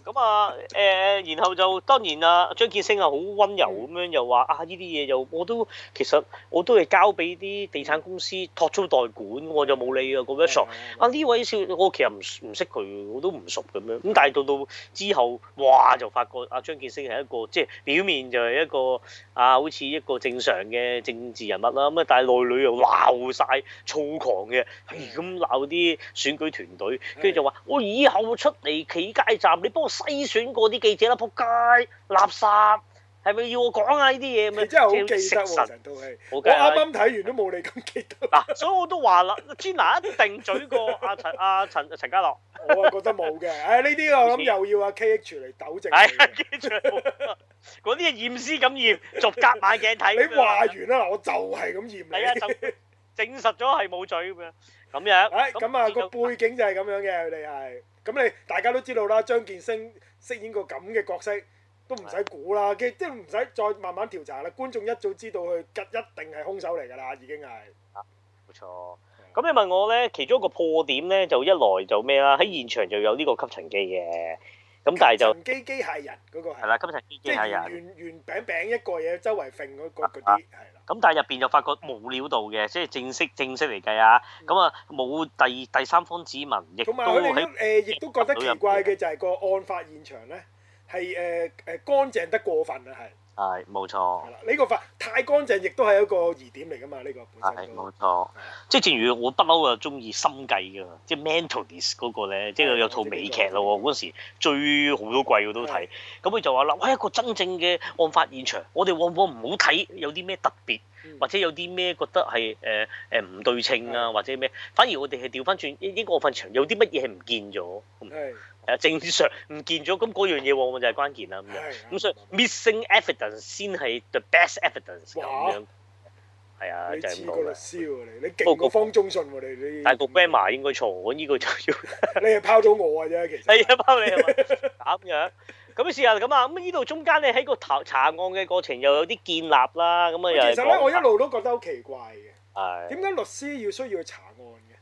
咁啊，誒、嗯嗯，然後就當然啊，張建升啊，好温柔咁樣又話啊，呢啲嘢，又我都其實我都係交俾啲地產公司託租代管，我就冇理啊，咁樣上。啊呢位少，我其實唔唔識佢，我都唔熟咁樣，咁但係到到之後哇，就發覺啊，張建升係一個即係表面就係一個啊，好似一個正常嘅政治人物啦。咁啊，但係內裏又鬧晒躁狂嘅，係咁鬧啲選舉團隊，跟住就話的我以後出嚟企街站，你幫我。篩選過啲記者啦，撲街垃圾，係咪要我講啊？呢啲嘢咁真係好記得喎，套戲。我啱啱睇完都冇你咁記得。嗱，所以我都話啦 Gina 一定嘴過阿陳阿陳陳家樂。我覺得冇嘅。誒，呢啲我諗又要阿 KH 嚟糾正。係啊，KH。嗰啲係驗屍咁驗，逐格慢鏡睇。你話完啦，我就係咁驗你。係啊，就證實咗係冇嘴咁樣。咁樣。誒，咁啊個背景就係咁樣嘅，佢哋係。咁你大家都知道啦，張健升飾演個咁嘅角色，都唔使估啦，既即係唔使再慢慢調查啦，觀眾一早知道佢吉一定係兇手嚟㗎啦，已經係、啊。冇錯，咁、嗯、你問我呢，其中一個破點呢，就一來就咩啦？喺現場就有呢個吸塵機嘅。咁、嗯、但係就，機機械人嗰、嗰個係，係啦，今日機械機械人，即係圓圓餅餅一個嘢，周圍揈嗰啲，係啦、啊。咁、啊啊、但係入邊就發覺冇料到嘅，嗯、即係正式正式嚟計啊，咁啊冇第第三方指紋，亦都冇亦、呃、都覺得奇怪嘅就係個案發現場咧，係誒誒乾淨得過分啊，係。係冇、哎、錯，係啦，呢個法太乾淨，亦都係一個疑點嚟㗎嘛，呢、呢個本身。係冇、哎、錯，是即係正如我不嬲就中意心計㗎，即係《Mentalist》嗰個咧，即係、哎、有套美劇咯喎，嗰、嗯、時追好多季我都睇，咁佢、哎、就話啦，喂、哎、一個真正嘅案發現場，我哋往往唔好睇有啲咩特別。或者有啲咩覺得係誒誒唔對稱啊，或者咩？反而我哋係調翻轉，應該我份長有啲乜嘢係唔見咗，係誒是正常唔見咗，咁嗰樣嘢往往就係關鍵啦咁樣。咁是所以、啊、missing evidence 先係 the best evidence 咁哇樣。係啊，就係咁講啦。你黐個律師方中信喎你啲。但係 grammar 應該錯，呢、呢個就要。你係拋到我啊啫，其實。係啊， <laughs> 拋你啊，打嘅。咁試下咁啊！咁呢度中間咧喺個查查案嘅過程又有啲建立啦，咁啊又其實咧我一路都覺得好奇怪嘅，點解、哎、律師要需要去查案嘅？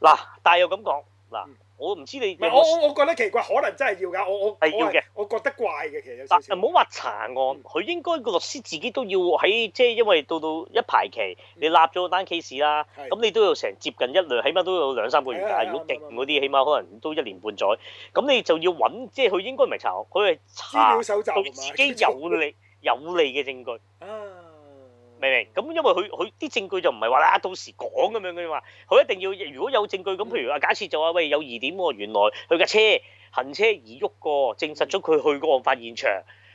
嗱，但又咁講嗱。我唔知你有冇，唔係我我覺得奇怪，可能真係要㗎。我我係要嘅，我覺得怪嘅其實有少少，唔好話查案，佢、嗯、應該個律師自己都要喺，即係因為到到一排期，嗯、你立咗單 case 啦，咁、嗯、你都要成接近一兩，起碼都有兩三個月㗎。如果勁嗰啲，起碼可能都一年半載，咁你就要揾，即係佢應該唔係查案，佢係查自己有利有利嘅證據。啊。明唔明？咁因為佢佢啲證據就唔係話啦，到時講咁樣嘅話。佢一定要如果有證據咁，譬如話假設就話，喂，有疑點喎，哦，原來佢架車行車而喐過，證實咗佢去過案發現場。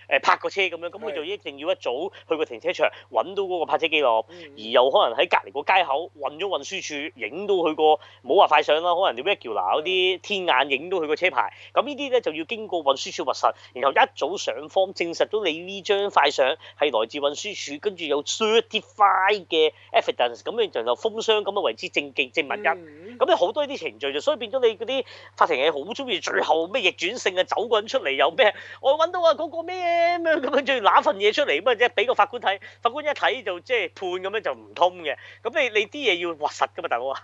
誒泊個車咁樣，咁佢就一定要一早去個停車場揾到嗰個泊車記錄，嗯、而又可能喺隔離個街口揾咗運輸處影到佢個，唔好話快相啦，可能啲咩橋拿嗰啲天眼影到佢個車牌，咁呢啲咧就要經過運輸處核實，然後一早上方證實到你呢張快相係來自運輸處，跟住有 certified 嘅 evidence，咁你就就封箱咁啊為之證據證物一。咁你好多呢啲程序就，所以變咗你嗰啲法庭係好中意最後咩逆轉性啊走個人出嚟又咩，我揾到啊嗰個咩？咁樣，仲要攞份嘢出嚟，咁啊，即係俾個法官睇，法官一睇就即係判咁樣就唔通嘅。咁你你啲嘢要核實噶嘛，大佬啊，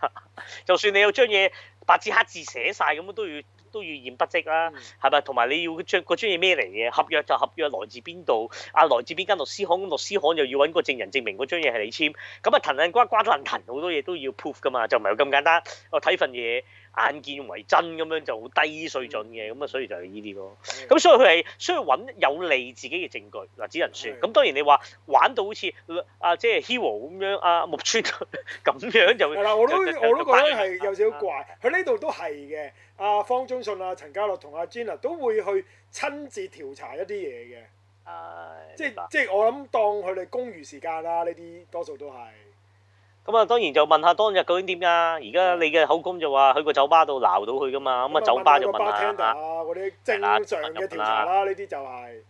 就算你有張嘢白紙黑字寫晒，咁啊，都要都要驗筆跡啦，係咪、嗯？同埋你要張個張嘢咩嚟嘅？合約就合約來自邊度？啊，來自邊間律師行？律師行又要揾個證人證明嗰張嘢係你簽。咁啊，騰騰呱呱騰騰，好多嘢都要 proof 噶嘛，就唔係咁簡單。我睇份嘢。眼見為真咁樣就好低水準嘅，咁啊所以就係呢啲咯。咁所以佢係需要揾有利自己嘅證據嗱，只能説。咁當然你話玩到好似阿即、呃、係、啊就是、Hero 咁樣，阿、啊、木村咁樣, <laughs> 樣就係啦，我都我都覺得係有少少怪。佢呢度都係嘅。阿、啊、方中信、啊，陳家樂同阿 Jenna 都會去親自調查一啲嘢嘅，即係即係我諗當佢哋公餘時間啦。呢啲多數 combined, 都係。咁啊，當然就問下當日究竟點噶？而家你嘅口供就話去個酒吧度鬧到佢噶嘛，咁啊、嗯、酒吧就問下啦。咁啊，正常嘅調查啦，呢啲樣就係、是。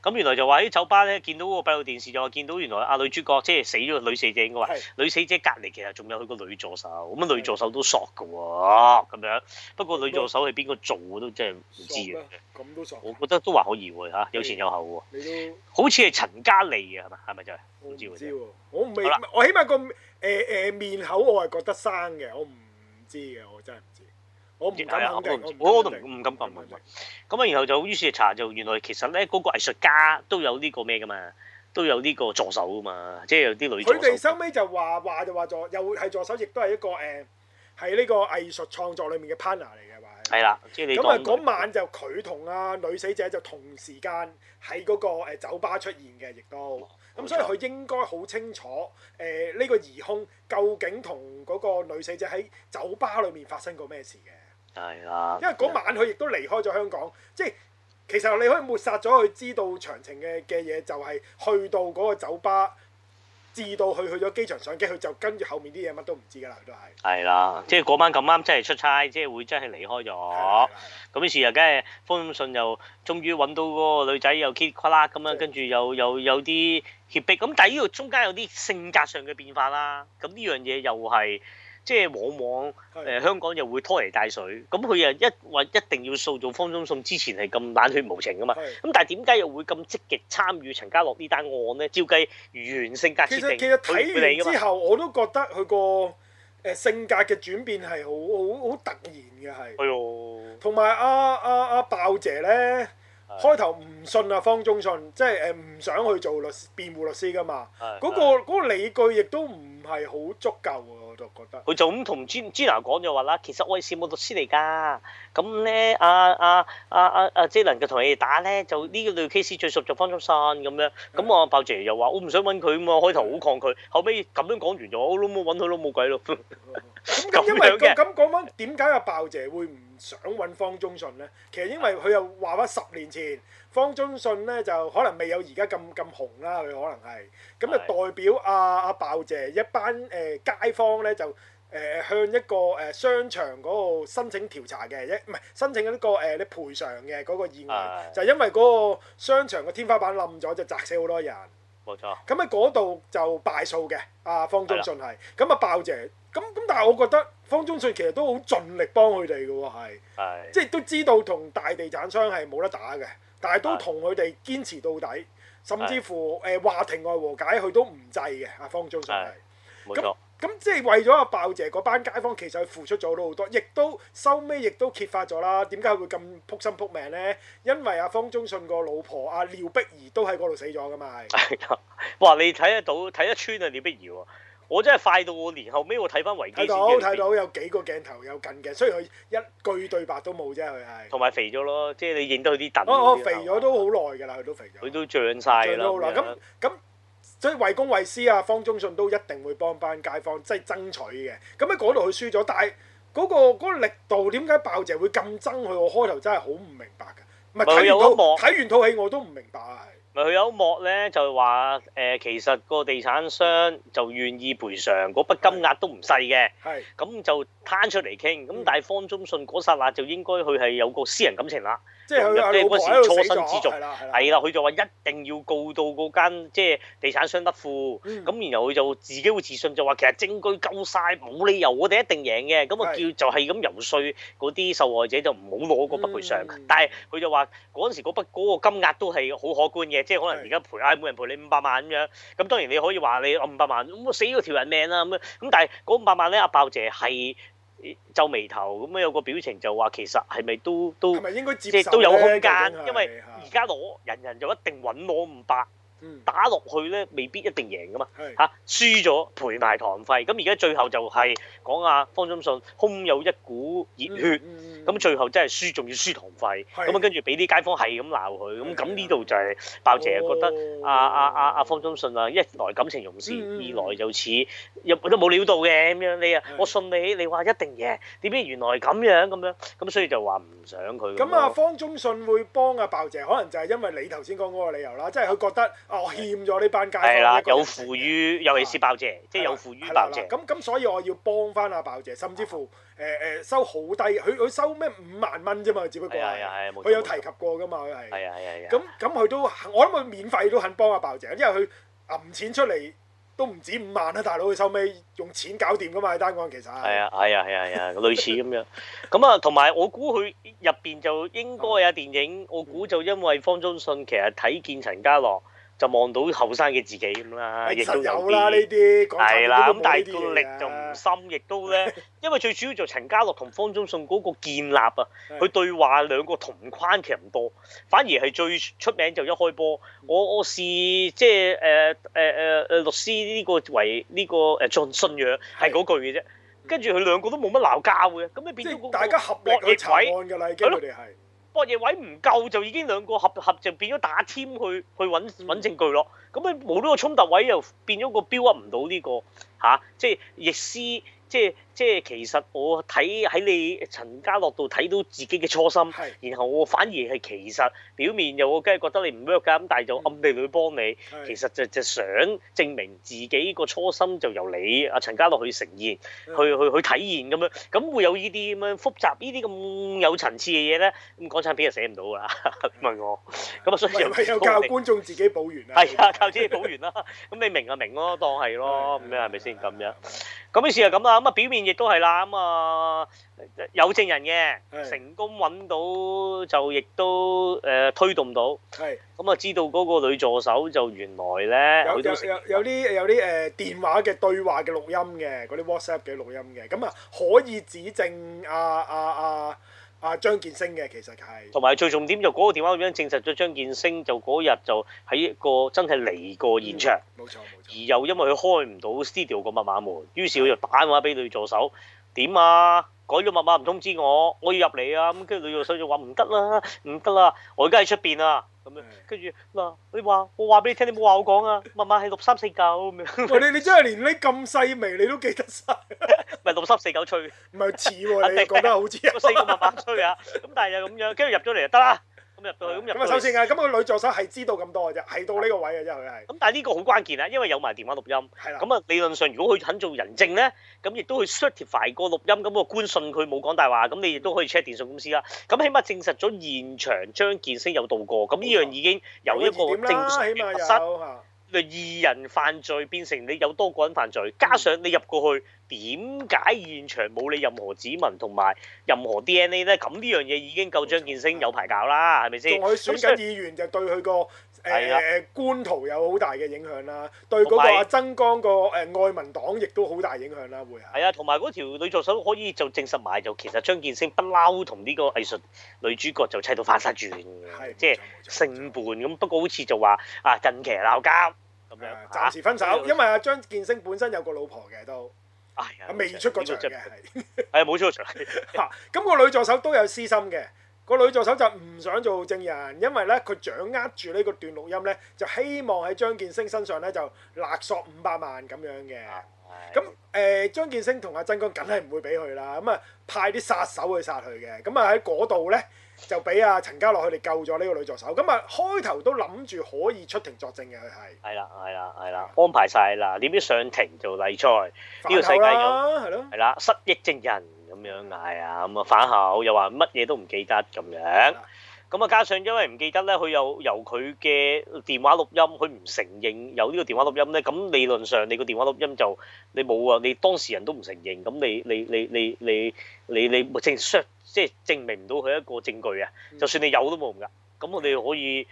咁原來就話喺酒吧咧，見到個閉路電視就話見到原來阿女主角即係死咗，女死者應該話的女死者隔離其實仲有佢個女助手，咁啊女助手都索嘅喎，咁樣，不過女助手係邊個做我都真係唔知嘅。咁都索。索我覺得都話可以喎，有前有後喎。好似係陳嘉莉啊？係咪？係咪真係？我唔知喎。我唔明嗱，我起碼個。誒誒、欸呃、面口我係覺得生嘅，我唔知嘅，我真係唔知，我唔敢肯定、哎、我我都唔敢確定。咁啊，然後就於是查就原來其實咧，嗰、那個藝術家都有呢個咩嘅嘛，都有呢個助手嘅嘛，即係有啲女，佢哋收尾就話話就話助又係助手，亦都係一個誒，喺、呃、呢個藝術創作裏面嘅 partner 嚟嘅。係啦，咁啊、就是、嗰晚就佢同啊女死者就同時間喺嗰個酒吧出現嘅，亦都咁所以佢應該好清楚誒呢、呃呢個疑兇究竟同嗰個女死者喺酒吧裏面發生過咩事嘅。係啦、嗯，嗯、因為晚佢亦都離開咗香港，嗯、即係其實你可以抹殺咗佢知道詳情嘅嘅嘢，就係去到嗰個酒吧。至到佢去咗機場上機，佢就跟住後面啲嘢乜都唔知㗎啦，佢都係。係啦，即係嗰晚咁啱真係出差，即係會真係離開咗。咁於是又梗係封信又終於揾到嗰個女仔，又 kit 跨啦咁樣，的跟住又又有啲脅迫。咁但係呢度中間有啲性格上嘅變化啦。咁呢樣嘢又係。即係往往誒、呃、香港又會拖泥帶水，咁佢是的 又一話一定要塑造方中信之前係咁冷血無情噶嘛，咁是的 但係點解又會咁積極參與陳家洛呢單案呢？照計原性格設定，佢會嚟噶嘛？其實其實睇完之後，我都覺得佢個、呃、性格嘅轉變係好好好突然嘅係。同埋阿阿阿爆姐呢。開頭唔信啊，方中信即係誒唔想去做律師、辯護律師噶嘛，嗰個嗰個理據亦都唔係好足夠喎，我就覺得。佢就咁同 Gina 講就話啦，其實我係事務律師嚟㗎，咁咧阿阿阿阿阿 Gina 嘅同你哋打咧，就呢類 case 最熟，就方中信咁樣。咁阿爆姐又話：我唔想揾佢啊嘛，開頭好抗拒，後尾咁樣講完就：我都冇揾佢咯，冇鬼咯。咁因為咁講翻，點解阿爆姐會唔？想揾方中信咧，其實因為佢又話翻十年前，方中信咧就可能未有而家咁咁紅啦，佢可能係咁就代表阿阿爆姐一班誒街坊咧就誒向一個誒商場嗰度申請調查嘅，一唔係申請嗰個誒啲賠償嘅嗰個意外，就因為嗰個商場個天花板冧咗就砸死好多人。冇錯。咁喺嗰度就敗訴嘅，阿方中信係。咁啊，爆姐。咁咁但係我覺得方中信其實都好盡力幫佢哋嘅喎，係，是即係都知道同大地產商係冇得打嘅，但係都同佢哋堅持到底，是甚至乎誒話、呃、庭外和解，佢都唔制嘅。阿方中信係，冇錯。咁咁即係為咗阿爆姐嗰班街坊，其實佢付出咗都好多，亦都收尾亦都揭發咗啦。點解佢會咁撲心撲命咧？因為阿方中信個老婆阿廖碧儀都喺嗰度死咗㗎嘛係。係 <laughs> 哇，你睇得到睇得穿啊廖碧儀。我真係快到我年後尾我睇翻維基先。睇到，睇到有幾個鏡頭有近嘅，所以佢一句對白都冇啫，佢係。同埋肥咗咯，即係你認得佢啲凳。哦哦，肥咗都好耐㗎啦，佢都肥咗。佢都脹曬啦。咁咁樣，所以為公為私啊，方中信都一定會幫班街坊即係、就是、爭取嘅。咁喺嗰度佢輸咗，但係嗰、嗰個嗰個力度點解爆姐會咁憎佢？我開頭真係好唔明白㗎。咪睇到睇完套戲我都唔明白。佢有一幕咧，就話誒、呃，其實個地產商就願意賠償，嗰筆金額都唔細嘅，咁的就攤出嚟傾。咁的但係方中信嗰剎那，就應該佢係有個私人感情啦。即係佢話初生之犢死係啦，佢就話一定要告到嗰間即係地產商得款，咁、嗯、然後佢就自己會自信，就話其實證據夠晒，冇理由我哋一定贏嘅。咁啊叫就係咁遊説嗰啲受害者就唔好攞嗰筆賠償。嗯、但係佢就話嗰陣時嗰、嗰個金額都係好可觀嘅，即係可能而家賠唉，每的人賠你五百萬咁樣。咁當然你可以話你五百萬咁死咗條人命啦咁樣。咁但係嗰五百萬咧，阿爆姐係。皺眉頭咁樣有個表情就話：“其實係咪都都即係都有空間？因為而家攞人人就一定揾，攞五百。打落去咧，未必一定贏噶嘛，嚇是、啊、輸咗賠埋堂費。咁而家最後就係講阿方中信空有一股熱血，咁、嗯嗯嗯、最後真係輸仲要輸堂費，咁啊是跟住俾啲街坊係咁鬧佢，咁咁呢度就係、是、爆姐覺得阿阿阿阿方中信啊，一來感情用事，嗯、二來就似又都冇料到嘅咁樣你啊，的我信你，你話一定贏，點知原來咁樣咁樣，咁所以就話唔想佢。咁阿方中信會幫阿、啊、爆姐，可能就係因為你頭先講嗰個理由啦，即係佢覺得。我、哦、欠咗呢班街坊啦，有負於，尤其是爆姐，即係啦有負於爆姐。咁咁，所以我要幫翻阿爆姐，甚至乎誒誒、呃、收好低，佢佢收咩五萬蚊啫嘛，只不過係，係佢有提及過㗎嘛佢係。係啊係啊。咁咁呀，佢呀都我諗佢免費都肯幫阿爆姐，因為佢揞錢出嚟都唔止五萬啦，大佬佢收尾用錢搞掂㗎嘛，單案其實。係啊係啊係啊係啊，類似咁樣。咁啊， <laughs> 同埋我估佢入邊就應該有電影、哦、我估就因為方中信其實睇見陳家樂。就望到後生嘅自己咁啦，亦都有啦，呢啲。係啦，咁、啊、但係個力就唔深，亦 <laughs> 都咧，因為最主要就陳家樂同方中信嗰個建立啊，佢 <laughs> 對話兩個同框其實唔多，反而係最出名就一開波、嗯，我我試即係誒誒誒誒律師呢個為呢、呢個誒作、呃、信仰係嗰句嘅啫，跟住佢兩個都冇乜鬧交嘅，咁你變咗即大家合力去查案佢哋係。的乜嘢、哦、位唔夠，就已經兩個合合就變咗打 team 去去揾揾證據咯，咁你冇呢個衝突位又變咗個 build up 唔到呢、呢個吓，即係亦師即係。就是即係其實我睇喺你陳家樂度睇到自己嘅初心，然後我反而係其實表面又我梗係覺得你唔 work 㗎，咁但係就暗地裏幫你，其實就就想證明自己個初心就由你啊陳家樂去呈現，去去去體現咁樣，咁會有呢啲咁樣複雜呢啲咁有層次嘅嘢咧，咁港產片就寫唔到啦，問我咁啊，所以又教觀眾自己補完啊，係啊，靠自己補完啦，咁你明就明咯，當係咯，咁樣係咪先咁樣？咁啲事就咁啦，咁啊表面。亦都係啦，咁、嗯、啊、呃、有證人嘅是成功揾到就亦都誒、呃、推動到，咁啊是、嗯、知道嗰個女助手就原來呢，有有有啲有啲誒、呃、電話嘅對話嘅錄音嘅，嗰啲 WhatsApp 嘅錄音嘅，咁啊可以指證啊。阿、啊、阿。啊啊張建升嘅其實係，同埋最重點就嗰個電話錄音證實咗張建升就嗰日就喺一個真係嚟過現場，冇錯冇錯。而又因為佢開唔到 studio 個密碼門，於是佢就打電話俾佢助手，點啊？改咗密碼唔通知我，我要入嚟啊！咁跟住佢就話唔得啦，唔得啦，我而家喺出邊啊！咁樣跟住嗱，你話我話俾你聽，你冇話我講啊！密碼係六三四九咁樣。喂！你你真係連呢咁細微你都記得曬。咪六三四九吹。唔係似喎，你講得好似個四個密碼吹啊！咁但係就咁樣，跟住入咗嚟就得啦。咁入去，咁入咁啊，首先啊，咁個去女助手係知道咁多嘅啫，係、啊、到呢個位嘅啫，佢係。咁但係呢個好關鍵啊，因為有埋電話錄音。係啦的。咁啊，理論上如果佢肯做人證咧，咁亦都去 certify 個錄音，咁、那個官信佢冇講大話，咁你亦都可以 check 電信公司啦。咁起碼證實咗現場張建升有到過，咁呢錯樣已經有一個證實。點二人犯罪變成你有多個人犯罪，加上你入過去，點解現場冇你任何指紋同埋任何 DNA 呢？咁呢樣嘢已經夠張建升有排搞啦，係咪先？仲可以選緊議員就對佢個誒官途有好大嘅影響啦，對嗰個曾江個誒愛民黨亦都好大影響啦，會係。係啊，同埋嗰條女助手可以就證實埋，就其實張建升不嬲同呢個藝術女主角就砌到翻曬轉，即係性伴咁。不過好似就話啊近期鬧交咁樣，暫時分手，因為阿張建升本身有個老婆嘅都，啊未出過場嘅係？係冇出過場。咁個女助手都有私心嘅。個女助手就唔想做證人，因為咧佢掌握住呢個段錄音咧，就希望喺張建升身上咧就勒索五百萬咁樣嘅。咁誒張建升同阿曾光緊係唔會俾佢啦。咁啊派啲殺手去殺佢嘅。咁啊喺嗰度咧就俾阿陳家樂佢哋救咗呢個女助手。咁啊開頭都諗住可以出庭作證嘅佢係。係啦係啦係啦，安排晒啦，點知上庭做例賽？呢個世界有咯。係啦，失憶證人。咁樣嗌啊，咁啊反口，又話乜嘢都唔記得咁樣。咁啊，加上因為唔記得咧，佢又由佢嘅電話錄音，佢唔承認有呢個電話錄音咧。咁理論上，你個電話錄音就你冇啊，你當事人都唔承認，咁你你你你你你你冇證，即係證明唔到佢一個證據啊。就算你有都冇用㗎。咁我哋可以。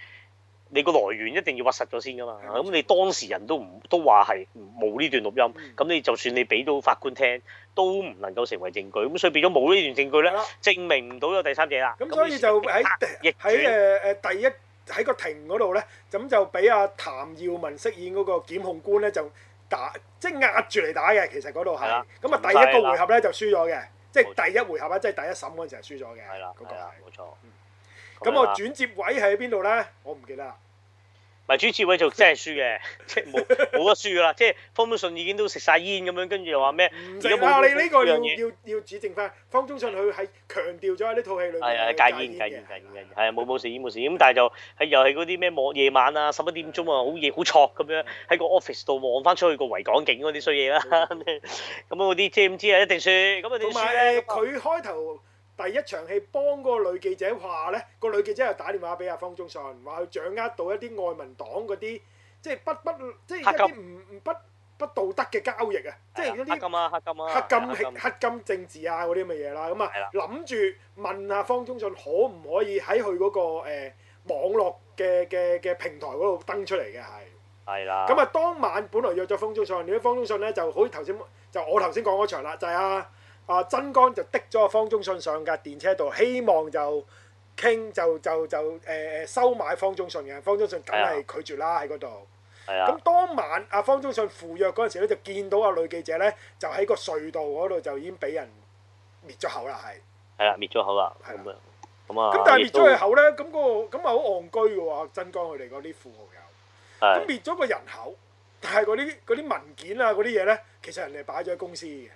你個來源一定要核實咗先噶嘛，咁你當事人都唔都話係冇呢段錄音，咁你就算你俾到法官聽，都唔能夠成為證據，咁所以變咗冇呢段證據咧，證明唔到有第三者啦。咁所以就喺喺誒誒第一喺個庭嗰度咧，咁就俾阿譚耀文飾演嗰個檢控官咧就打，即係壓住嚟打嘅，其實嗰度係。咁啊第一個回合咧就輸咗嘅，即係第一回合啊，即係第一審嗰陣時係輸咗嘅。係啦，嗰個冇錯。咁我轉接位係喺邊度咧？我唔記得啦。 <laughs> 唔係轉接位就真係輸嘅，即係冇冇得輸啦。即係方中信已經都食晒煙咁樣、嗯，跟住又話咩？唔淨啊！你呢個要要，要指正翻。方中信佢係強調咗喺呢套戲裡面戒煙戒煙戒煙戒煙，係啊冇冇食煙冇、哎、事。煙。咁但係就係又係嗰啲咩夜晚啊十一點鐘啊好夜好燭咁樣喺個 office 度望翻出去個維港景嗰啲衰嘢啦。咁嗰啲知唔知啊？一定輸咁有啊！一定輸。同埋佢開頭。第一場戲幫嗰個女記者話咧，呢個女記者又打電話俾阿方中信，話佢掌握到一啲愛民黨嗰啲，即係不不，即係金一啲唔唔不道德嘅交易的啊，即係嗰啲黑金黑金政治啊嗰啲咁嘅嘢啦，咁啊諗住問下方中信可唔可以喺佢嗰個誒、欸、網絡嘅嘅嘅平台嗰度登出嚟嘅係。係啦。咁啊的，當晚本來約咗方中信，點知方中信咧就好似頭先就我頭先講嗰場啦，就係、是、啊。啊！曾江就的咗阿方中信上架電車度，希望就傾就就就誒誒、呃、收買方中信嘅，方中信梗係拒絕啦喺嗰度。係啊。咁的當晚阿方中信赴約嗰陣時咧，就見到阿女記者咧，就喺個隧道嗰度就已經俾人滅咗口啦，係。係啦，滅咗口啦。係啊。咁啊。咁但係滅咗佢口咧，咁、嗰、嗰個咁啊好戇居嘅喎，曾、嗰個嗰個、江佢哋嗰啲富豪友。咁的的滅咗個人口，但係嗰啲嗰啲文件啊嗰啲嘢咧，其實人哋擺咗喺公司嘅。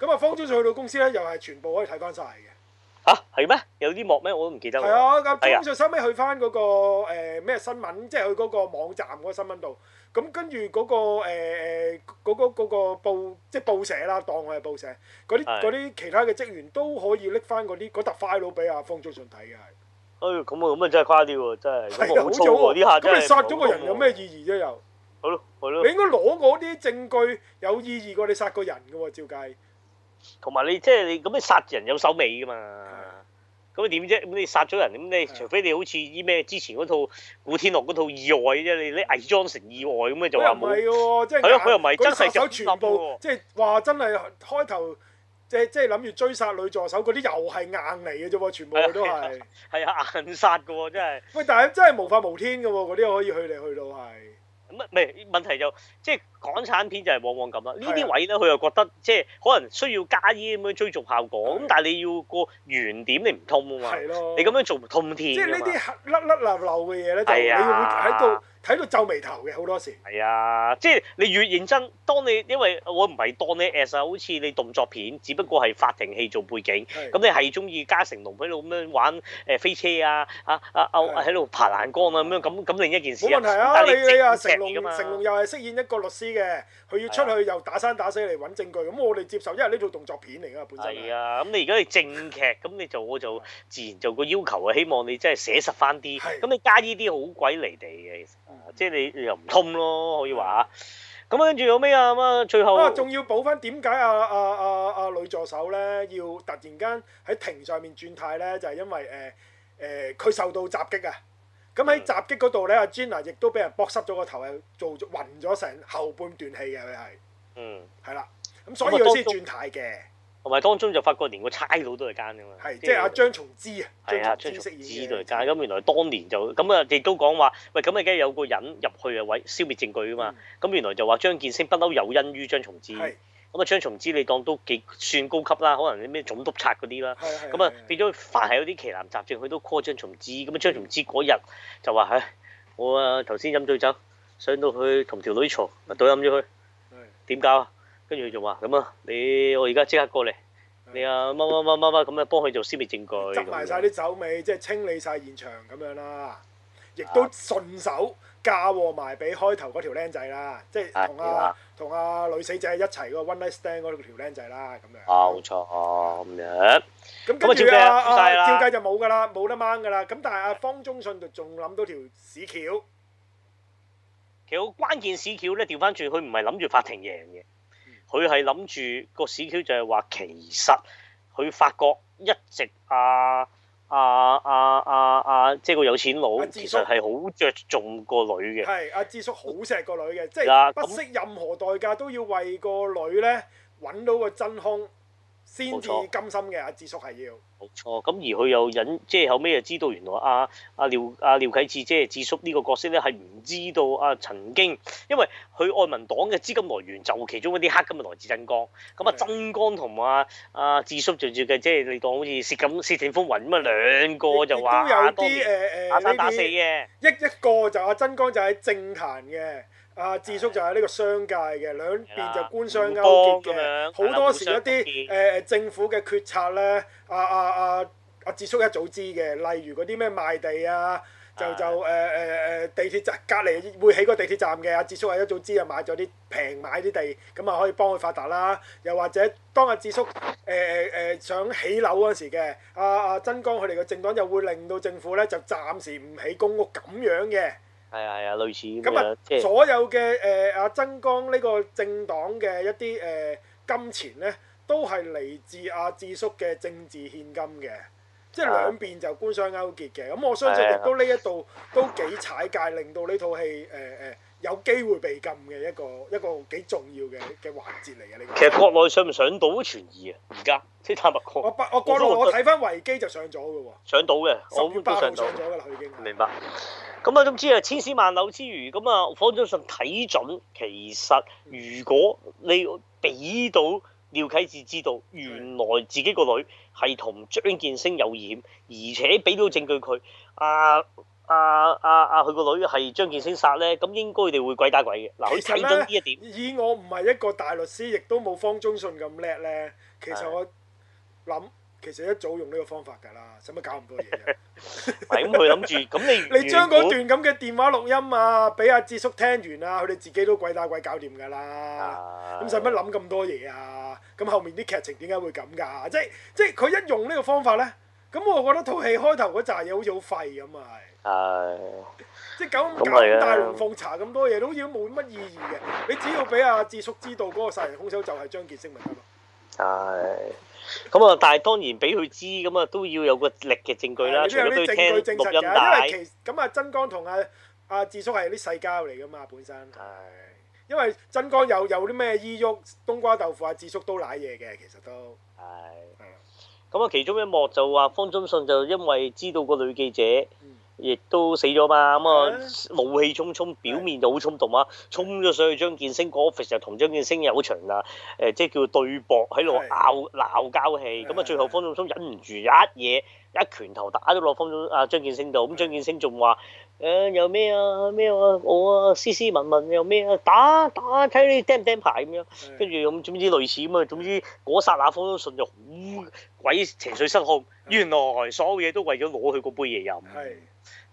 咁啊，方中信去到公司咧，又係全部可以睇翻曬嘅。嚇係咩？有啲幕咩？我都唔記得喎。係啊，咁就收尾去翻嗰個誒咩新聞，即係去嗰個網站嗰新聞度。咁跟住嗰個誒誒嗰嗰嗰個報即係報社啦，當佢係報社。嗰啲嗰啲其他嘅職員都可以拎翻嗰啲嗰沓 file 俾阿方中信睇嘅。哎，咁啊咁啊，真係誇啲喎，真係冇錯喎。啲下真係。咁你殺咗個人有咩意義啫？又。好咯，好咯。你應該攞嗰啲證據有意義過你殺個人嘅喎，照計。同埋你即係、就是、你咁你殺人有手尾噶嘛？咁你點啫？咁你殺咗人，咁你除非你好似啲咩之前嗰套古天樂嗰套意外啫，你偽裝成意外咁啊就又冇。唔係喎，即係佢又唔係真係就全部，即係話真係開頭即即係諗住追殺女助手嗰啲，又係硬嚟嘅啫喎，全部都係。係啊，硬殺嘅喎，哦， <laughs> 真係。喂，但係真係無法無天嘅喎，嗰啲可以去嚟去到係。唔咪咪，問題就即係港產片就係往往咁啦。的呢啲位咧，佢又覺得即係可能需要加啲咁樣追逐效果。咁的但係你要過原點，你唔通啊嘛？係咯的，你咁樣做唔通天。即係呢啲甩甩漏漏嘅嘢咧，就你會喺度。睇到皺眉頭嘅好多時，係啊，即係你越認真。當你因為我唔係當你 as，A，好似你動作片，只不過係法庭戲做背景。咁、啊、你係中意加成龍喺度咁樣玩誒、呃、飛車啊啊啊！喺度、啊啊、爬欄杆啊咁、啊、樣。咁咁另一件事冇問題啊。但係你，你、啊、成龍成龍又係飾演一個律師嘅，佢要出去又打生打死嚟揾證據。咁、啊、我哋接受，因為呢套動作片嚟㗎本身。係啊，咁你而家係正劇，咁你就我就自然就個要求啊，希望你真係寫實翻啲。咁、啊啊、你加呢啲好鬼離地嘅。即係你又唔通咯，可以話。咁跟住有咩啊？咁啊，最後啊，仲要補翻點解啊啊啊啊女助手咧要突然間喺庭上面轉態咧，就係、是、因為誒誒佢受到襲擊，襲擊、嗯、啊。咁喺襲擊嗰度咧，阿 Jenna 亦都俾人剝濕咗個頭，係做暈咗成後半段戲嘅佢係。嗯。係、嗯、啦。咁所以佢先轉態嘅。嗯同埋當中就發覺連個差佬都係奸噶嘛，係的即係阿張松之啊，張松之都係奸咁。的原來當年就咁啊，亦都講話喂，咁啊，梗係有個人入去啊，毀消滅證據噶嘛。咁、嗯、原來就話張建升不嬲有因於張松之，咁啊的張松之你當都幾算高級啦，可能啲咩總督察嗰啲啦。咁啊變咗凡係有啲奇難雜症，佢都 call 張松之。咁啊張松之嗰日就話：唉，我啊頭先飲醉酒，上到去同條女嘈，咪倒飲咗佢，點對對搞？」啊？跟住佢就話咁啊！你我而家即刻過嚟，你啊乜乜乜乜乜咁樣幫佢做私密證據，執埋曬啲酒味，即係清理曬現場咁樣啦，亦都順手嫁禍埋俾開頭嗰條僆仔啦，即係同阿同阿女死者一齊個 one night stand 嗰條僆仔啦，咁樣。啊，冇錯咁樣。咁跟住啊照計就冇噶啦，冇得掹噶啦。咁但係阿方中信就仲諗到條屎橋。橋關鍵屎橋咧，調翻轉，佢唔係諗住法庭贏嘅。佢係諗住個市 Q 就係話，其實佢發覺一直啊啊啊啊啊，即、啊、係、啊啊啊啊這個有錢佬、啊、其實係好着重個女嘅。係，阿、啊、智叔好錫個女嘅，即係、啊、不惜任何代價都要為個女咧揾到個真兇。先至甘心嘅阿智叔係要，冇錯。咁而佢又引，即係後尾又知道原來阿、啊、阿、啊啊、廖阿、啊、廖啟智即係智叔呢個角色咧，係唔知道阿、啊、曾經，因為佢愛民黨嘅資金來源就其中一啲黑金，嘅來自曾江。咁的啊，曾江同阿阿智叔就嘅，即係你當好似蝕咁攝政風雲咁啊，兩個就話多啲，阿三打四嘅，一、啊、一個就阿曾江就喺政壇嘅。阿、啊、智叔就係呢個商界嘅，兩邊就官商勾結嘅，好多時一啲誒、呃、政府嘅決策咧，啊啊啊！阿智叔一早知嘅，例如嗰啲咩賣地啊，就就誒誒誒地鐵站隔離會起個地鐵站嘅，阿智叔係一早知啊，買咗啲平買啲地，咁啊可以幫佢發達啦。又或者當阿智叔誒誒誒想起樓嗰時嘅，阿阿曾江佢哋個政黨就會令到政府咧就暫時唔起公屋咁樣嘅。係係啊，類似咁啊，所有嘅誒阿曾江呢個政黨嘅一啲誒、呃、金錢咧，都係嚟自阿智叔嘅政治獻金嘅，即係兩邊就官商勾結嘅。咁、啊、我相信亦、啊、都呢一度都幾踩界，令到呢套戲誒。呃呃有機會被禁嘅一個一個幾重要嘅嘅環節嚟嘅呢個。其實國內上唔上到存疑啊，而家即係坦白講。我我國內我睇翻維基就上咗嘅喎。上到嘅，十月八號上咗㗎啦，已經。明白。咁啊，總之啊，千絲萬縷之餘，咁啊，方中信睇準，其實如果你俾到廖啟智知道，原來自己個女係同張建聲有染，而且俾到證據佢啊。阿阿阿，佢個女係張建聲殺咧，咁應該佢哋會鬼打鬼嘅嗱。以我唔係一個大律師，亦都冇方中信咁叻咧。其實我諗，其實一早用呢個方法㗎啦，使乜搞咁多嘢？唔係咁，佢諗住咁你你將嗰段咁嘅電話錄音啊，俾阿智叔聽完啊，佢哋自己都鬼打鬼搞掂㗎啦。咁使乜諗咁多嘢啊？咁後面啲劇情點解會咁㗎？即係即係佢一用呢個方法咧，咁我覺得套戲開頭嗰扎嘢好似好廢咁啊！係，哎、即係咁大輪奉查咁多嘢，好似都冇乜意義嘅。你只要俾阿智叔知道嗰、那個殺人兇手就係張傑昇咪得咯。係，咁啊、哎，但係當然俾佢知咁啊，都要有個力嘅證據啦。哎、除咗佢聽錄音帶，咁啊。曾光同阿阿智叔係啲世交嚟㗎嘛，本身係，哎、因為曾光又有啲咩咿喐冬瓜豆腐，阿、啊、智叔都瀨嘢嘅，其實都係咁啊，其中一幕就話方中信就因為知道個女記者。嗯亦都死咗嘛，咁啊怒氣沖沖，表面就好衝動啊，衝咗上去張建升個 office 就同張建升有場啊，誒、呃、即係叫對搏喺度拗鬧交氣，咁啊最後方中信忍唔住一嘢一,一拳頭打咗落方中啊張建升度，咁張建升仲話誒又咩啊咩啊，啊我啊斯斯文文又咩啊打打睇你釘唔釘牌咁樣，跟住咁總之類似咁啊，總之嗰剎那，那方中信就好鬼情緒失控，原來所有嘢都為咗攞佢嗰杯嘢飲。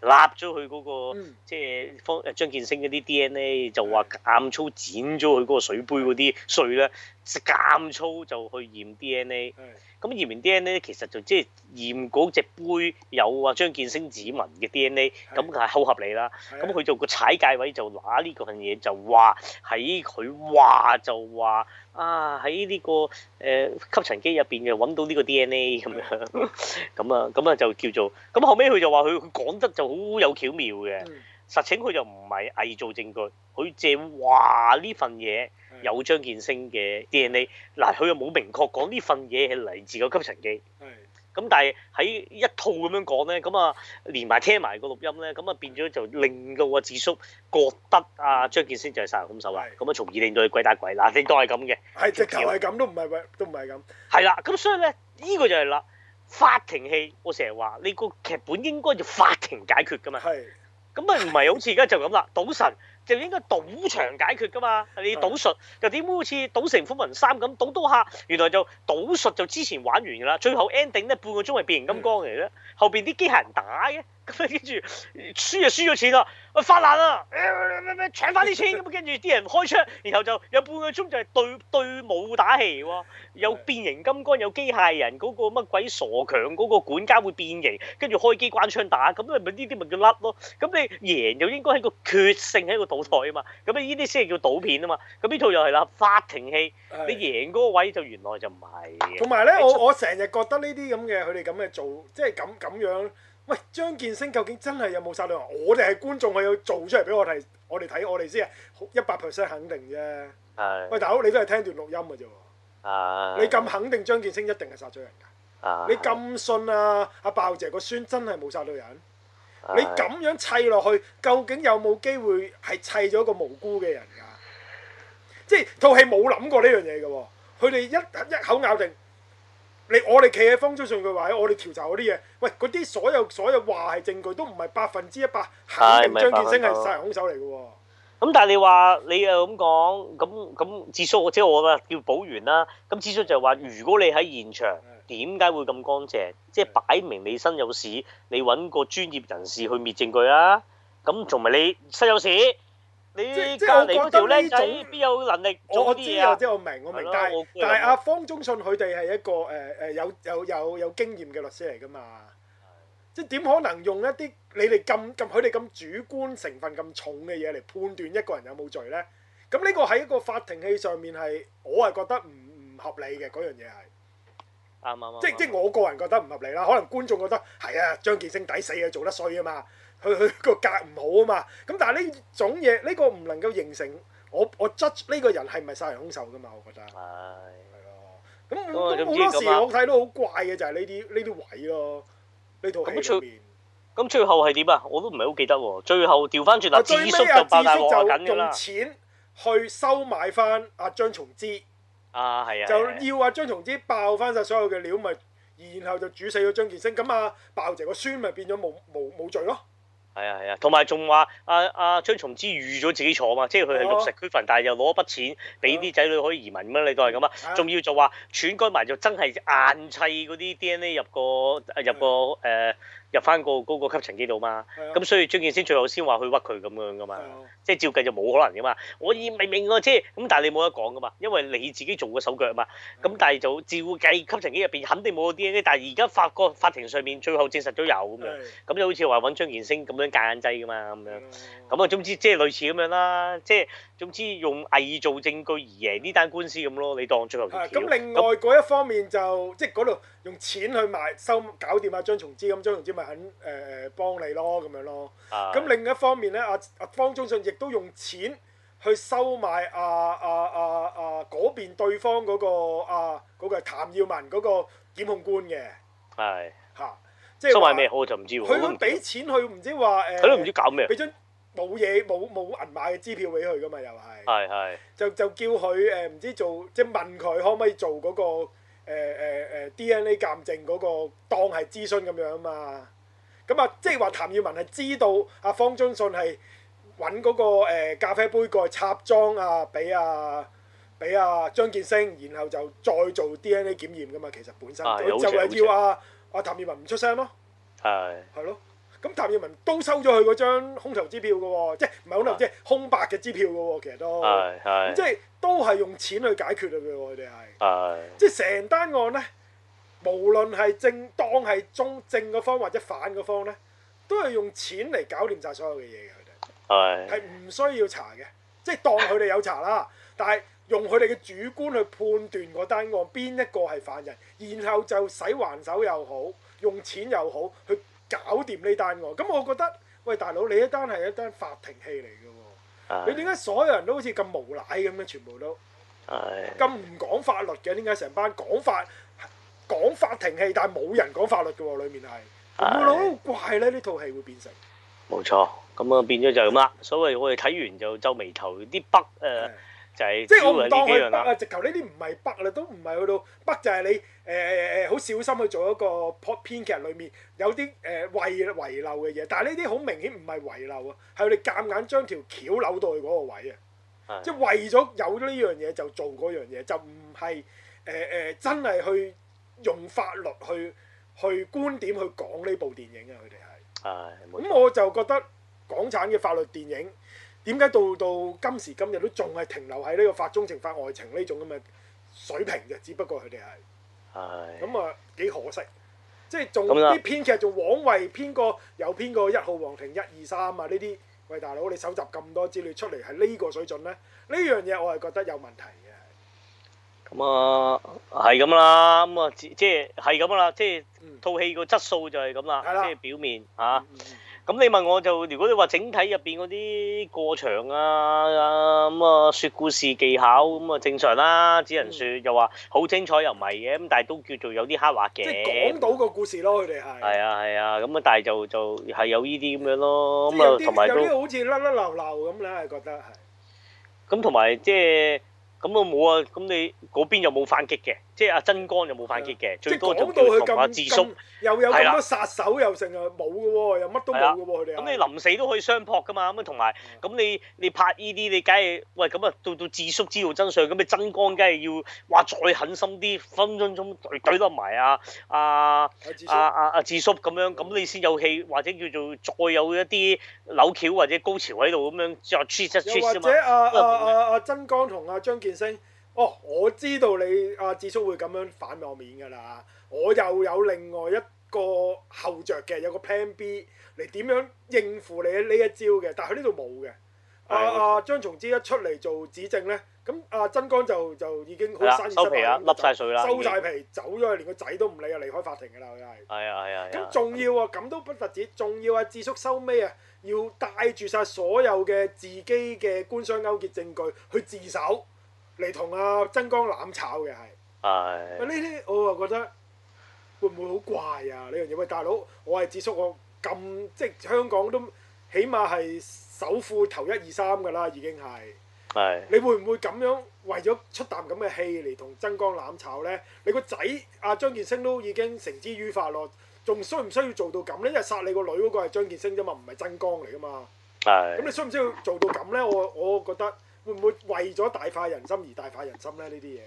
立咗佢嗰個，即係方張建升嗰啲 DNA，就話暗操剪咗佢嗰個水杯嗰啲碎咧。食咁粗就去驗 DNA，咁、嗯、驗完 DNA 咧，其實就即係驗嗰隻杯有啊張建升指紋嘅 DNA，咁係好合理啦。咁佢做個踩界位就拿呢個份嘢就話喺佢話就話啊喺呢、呢個誒、呃、吸塵機入邊嘅揾到呢個 DNA 咁樣，咁啊咁啊就叫做咁後尾，佢就話佢佢講得就好有巧妙嘅。實情佢就唔係偽造證據，佢借話呢份嘢有張建升嘅 DNA，嗱佢又冇明確講呢份嘢係嚟自個吸塵機。咁是的 但係喺一套咁樣講咧，咁啊連埋聽埋個錄音咧，咁啊變咗就令到個智叔覺得啊張建升就係殺人兇手啦！咁啊是的 從而令到佢鬼打鬼，嗱你當係咁嘅。係直頭係咁都唔係鬼，都唔係咁。係啦，咁所以咧，呢個就係啦，法庭戲我成日話，你個劇本應該要法庭解決㗎嘛。係。咁啊，唔係好似而家就咁啦，賭 <noise> <noise> 神就應該賭場解決㗎嘛，你賭術又點會好似賭城《風雲三》咁賭到嚇？原來就賭術就之前玩完㗎喇，最後 ending 咧半個鐘係變形金剛嚟啫，後面啲機械人打嘅。咁跟住輸就輸咗錢啦，我、啊、發爛啦，誒、啊啊啊、搶翻啲錢咁跟住啲人開槍，然後就有半個鐘就係對對武打戲喎，有變形金剛，有機械人，嗰個乜鬼傻強，嗰個管家會變形，跟住開機關槍打，咁啊咪呢啲咪叫甩咯？咁你贏就應該係一個決勝，係一個賭台啊嘛！咁你呢啲先係叫賭片啊嘛！咁呢套又係啦，法庭戲，你贏嗰個位就原來就唔係。同埋咧，我出我成日覺得呢啲咁嘅佢哋咁嘅做，即係咁咁樣。喂，張建升究竟真係有冇殺到人？我哋係觀眾，佢要做出嚟俾我哋，我哋睇我哋先啊！一百 percent 肯定啫。的喂，大佬，你都係聽段錄音嘅啫。啊的。你咁肯定張建升一定係殺咗人㗎？的你咁信啊？阿爆姐個孫真係冇殺到人？的你咁樣砌落去，究竟有冇機會係砌咗個無辜嘅人㗎？的即係套戲冇諗過呢樣嘢嘅喎，佢哋一一口咬定。你我哋企喺風吹上嘅位，我哋調查嗰啲嘢，喂，嗰啲所有所有話係證據都唔係百分之一百肯定張建升係殺人兇手嚟嘅喎。咁、哎、但係你話你又咁講，咁咁智叔，即係我話叫保鑣啦。咁智叔就話：如果你喺現場，點解的會咁乾淨？即係擺明你身有事，你揾個專業人士去滅證據啦、啊。咁仲唔係你身有事？即即我覺得呢種邊有能力、啊、我知，嘢啊！即我明我明，我明，但係但係阿方中信佢哋係一個誒誒、呃、有有有有經驗嘅律師嚟噶嘛。是的 即點可能用一啲你哋咁咁佢哋咁主觀成分咁重嘅嘢嚟判斷一個人有冇罪咧？咁呢個喺一個法庭戲上面係，我係覺得唔唔合理嘅嗰樣嘢係。啱啱。即即我個人覺得唔合理啦。可能觀眾覺得係啊，張建聲抵死啊，做得衰啊嘛。佢佢個格唔好啊嘛，咁但係呢種嘢呢個唔能夠形成我我 judge 呢個人係咪殺人兇手噶嘛？我覺得係，係咯。咁好那、嗯、多時、嗯、我睇到好怪嘅就係呢啲呢啲位咯，呢套戲入邊。咁最後係點啊？我都唔係好記得喎。最後調翻轉頭啊，智叔就智叔、啊、就用錢去收買翻阿張松之。啊，係啊，就要阿張松之爆翻晒所有嘅料，咪然後就煮死咗張建升。咁阿爆姐個孫咪變咗冇冇冇罪咯。.係啊，係啊，同埋仲話阿阿張松之預咗自己坐嘛，即係佢係玉石俱焚，但係又攞一筆錢俾啲仔女可以移民咁啊，你都係咁啊？仲要就話篡改埋就真係硬砌嗰啲 DNA 入個、啊、入個誒入翻個嗰個吸塵機度嘛，咁所以張健升最後先話去屈佢咁樣噶嘛，即係照計就冇可能噶嘛。我已明明我知，咁但係你冇得講噶嘛，因為你自己做過手腳啊嘛。咁但係就照計吸塵機入邊肯定冇 DNA，但係而家法國法庭上面最後證實咗有咁樣，咁就好似話揾張健升咁樣。戒眼劑噶嘛咁樣，咁啊總之即係類似咁樣啦，即係總之用偽造證據而贏呢單官司咁咯，你當最後結。咁另外嗰一方面就那即係嗰度用錢去買收搞掂阿張松枝咁，張松枝咪肯誒誒、呃、幫你咯咁樣咯。咁的另一方面咧，阿阿方中信亦都用錢去收買啊，啊，啊，啊，嗰、啊啊、邊對方嗰、嗰個阿嗰、啊嗰個譚耀文嗰個檢控官嘅。係的。嚇。即係買咩好，我就唔知喎。佢都俾錢，佢唔知話誒。佢都唔知搞咩。俾張冇嘢冇冇銀碼嘅支票俾佢噶嘛，又係。係係。就係、係係就，就叫佢誒唔知做，即係問佢可唔可以做嗰、嗰個誒誒、呃呃、DNA 鑑證嗰、嗰個當係諮詢咁樣啊嘛。咁啊，即係話譚耀文係知道阿方中信係揾嗰個咖啡杯蓋插贓啊，俾啊，俾啊張建聲，然後就再做 DNA 檢驗噶嘛，其實本身。就係要啊。是阿譚耀文唔出聲咯，係係咯，咁譚耀文都收咗佢嗰張空頭支票嘅喎，即係唔係空頭即係空白嘅支票嘅喎，其實係係都咁即係都係用錢去解決嘅佢哋係，即係成單案咧，無論係正當係中正嘅方或者反嘅方咧，都係用錢嚟搞掂晒所有嘅嘢嘅佢哋，係唔需要查嘅，即係當佢哋有查啦，但係。用佢哋嘅主觀去判斷個單案邊一個係犯人，然後就使還手又好，用錢又好去搞掂呢單案。咁我覺得，喂，大佬，你一單係一單法庭戲嚟嘅喎，的你點解所有人都好似咁無賴咁樣，全部都咁唔的講法律嘅？點解成班講法講法庭戲，但係冇人講法律嘅喎？裡面係，好老怪咧！呢套戲會變成，冇錯，咁啊變咗就係咁啦。所謂我哋睇完就皺眉頭 bug，呃，啲北誒。即係我唔當佢北啊，直頭呢啲唔係北啦，啊，都唔係去到北就就係你誒誒誒好小心去做一個編編劇裏面有啲誒遺遺漏嘅嘢，但係呢啲好明顯唔係遺漏啊，係佢哋夾硬將條橋扭到去嗰個位啊，的即係為咗有呢樣嘢就做嗰樣嘢，就唔係誒誒真係去用法律去去觀點去講呢部電影啊，佢哋係咁我就覺得港產嘅法律電影。點解到到今時今日都仲係停留喺呢個法中情、法外情呢種咁嘅水平嘅？只不過佢哋係，咁的啊幾可惜，即係仲啲編劇仲枉為編過有編過《一號皇庭》一二三啊呢啲，喂，大佬，你搜集咁多資料出嚟係呢個水準咧？呢樣嘢我係覺得有問題嘅。咁啊，係咁啦，咁啊即係係咁啦，即係套戲個質素就係咁啦，即係表面嚇。嗯嗯嗯咁你問我就，如果你話整體入邊嗰啲過場啊，咁啊說、啊、故事技巧咁啊正常啦，只能說又話好精彩又唔係嘅，咁但係都叫做有啲黑話嘅。即係講到個故事咯，佢哋係。係啊係啊，咁啊，啊但係就就係有呢啲咁樣咯，咁啊同埋都。好似甩甩流流咁咧，你覺得係。咁同埋即係，咁啊冇啊，咁你嗰邊有冇反擊嘅？即係阿曾江就冇反擊嘅，最多就叫阿智叔又有咁多殺手又成日冇㗎喎，又乜都冇㗎喎，佢哋。咁你臨死都可以相撲噶嘛，咁啊同埋，咁你你拍依啲，你梗係喂咁啊到到智叔知道真相，咁你曾江梗係要話再狠心啲，分分鐘仲懟懟落埋啊。阿阿阿阿智叔咁樣，咁你先有戲，或者叫做再有一啲扭橋或者高潮喺度咁樣。又或者阿阿阿阿曾江同阿張建聲。哦，我知道你阿智叔會咁樣反我面㗎啦。我又有另外一個後着嘅，有個 plan B 嚟點樣應付你呢一招嘅。但係佢呢度冇嘅。阿阿張松之一出嚟做指證呢，咁阿曾剛就就已經好新收皮啦，收曬皮走咗去，連個仔都唔理啊，離開法庭㗎啦佢係。係啊係啊。咁仲要啊，咁都不特止，仲要阿智叔收尾啊，要帶住晒所有嘅自己嘅官商勾結證據去自首，嚟同阿曾江攬炒嘅係，啊呢啲我啊覺得會唔會好怪啊？呢樣嘢喂，大佬，我係智叔我咁即係香港都起碼係首富頭一二三㗎啦，已經係。係、哎。你會唔會咁樣為咗出啖咁嘅氣嚟同曾江攬炒咧？你個仔阿張建升都已經繩之於法咯，仲需唔需要做到咁咧？因為殺你女個女嗰個係張建升啫嘛，唔係曾江嚟㗎嘛。係。咁你需唔需要做到咁咧？我我，我覺得。會唔會為咗大快人心而大快人心咧？呢啲嘢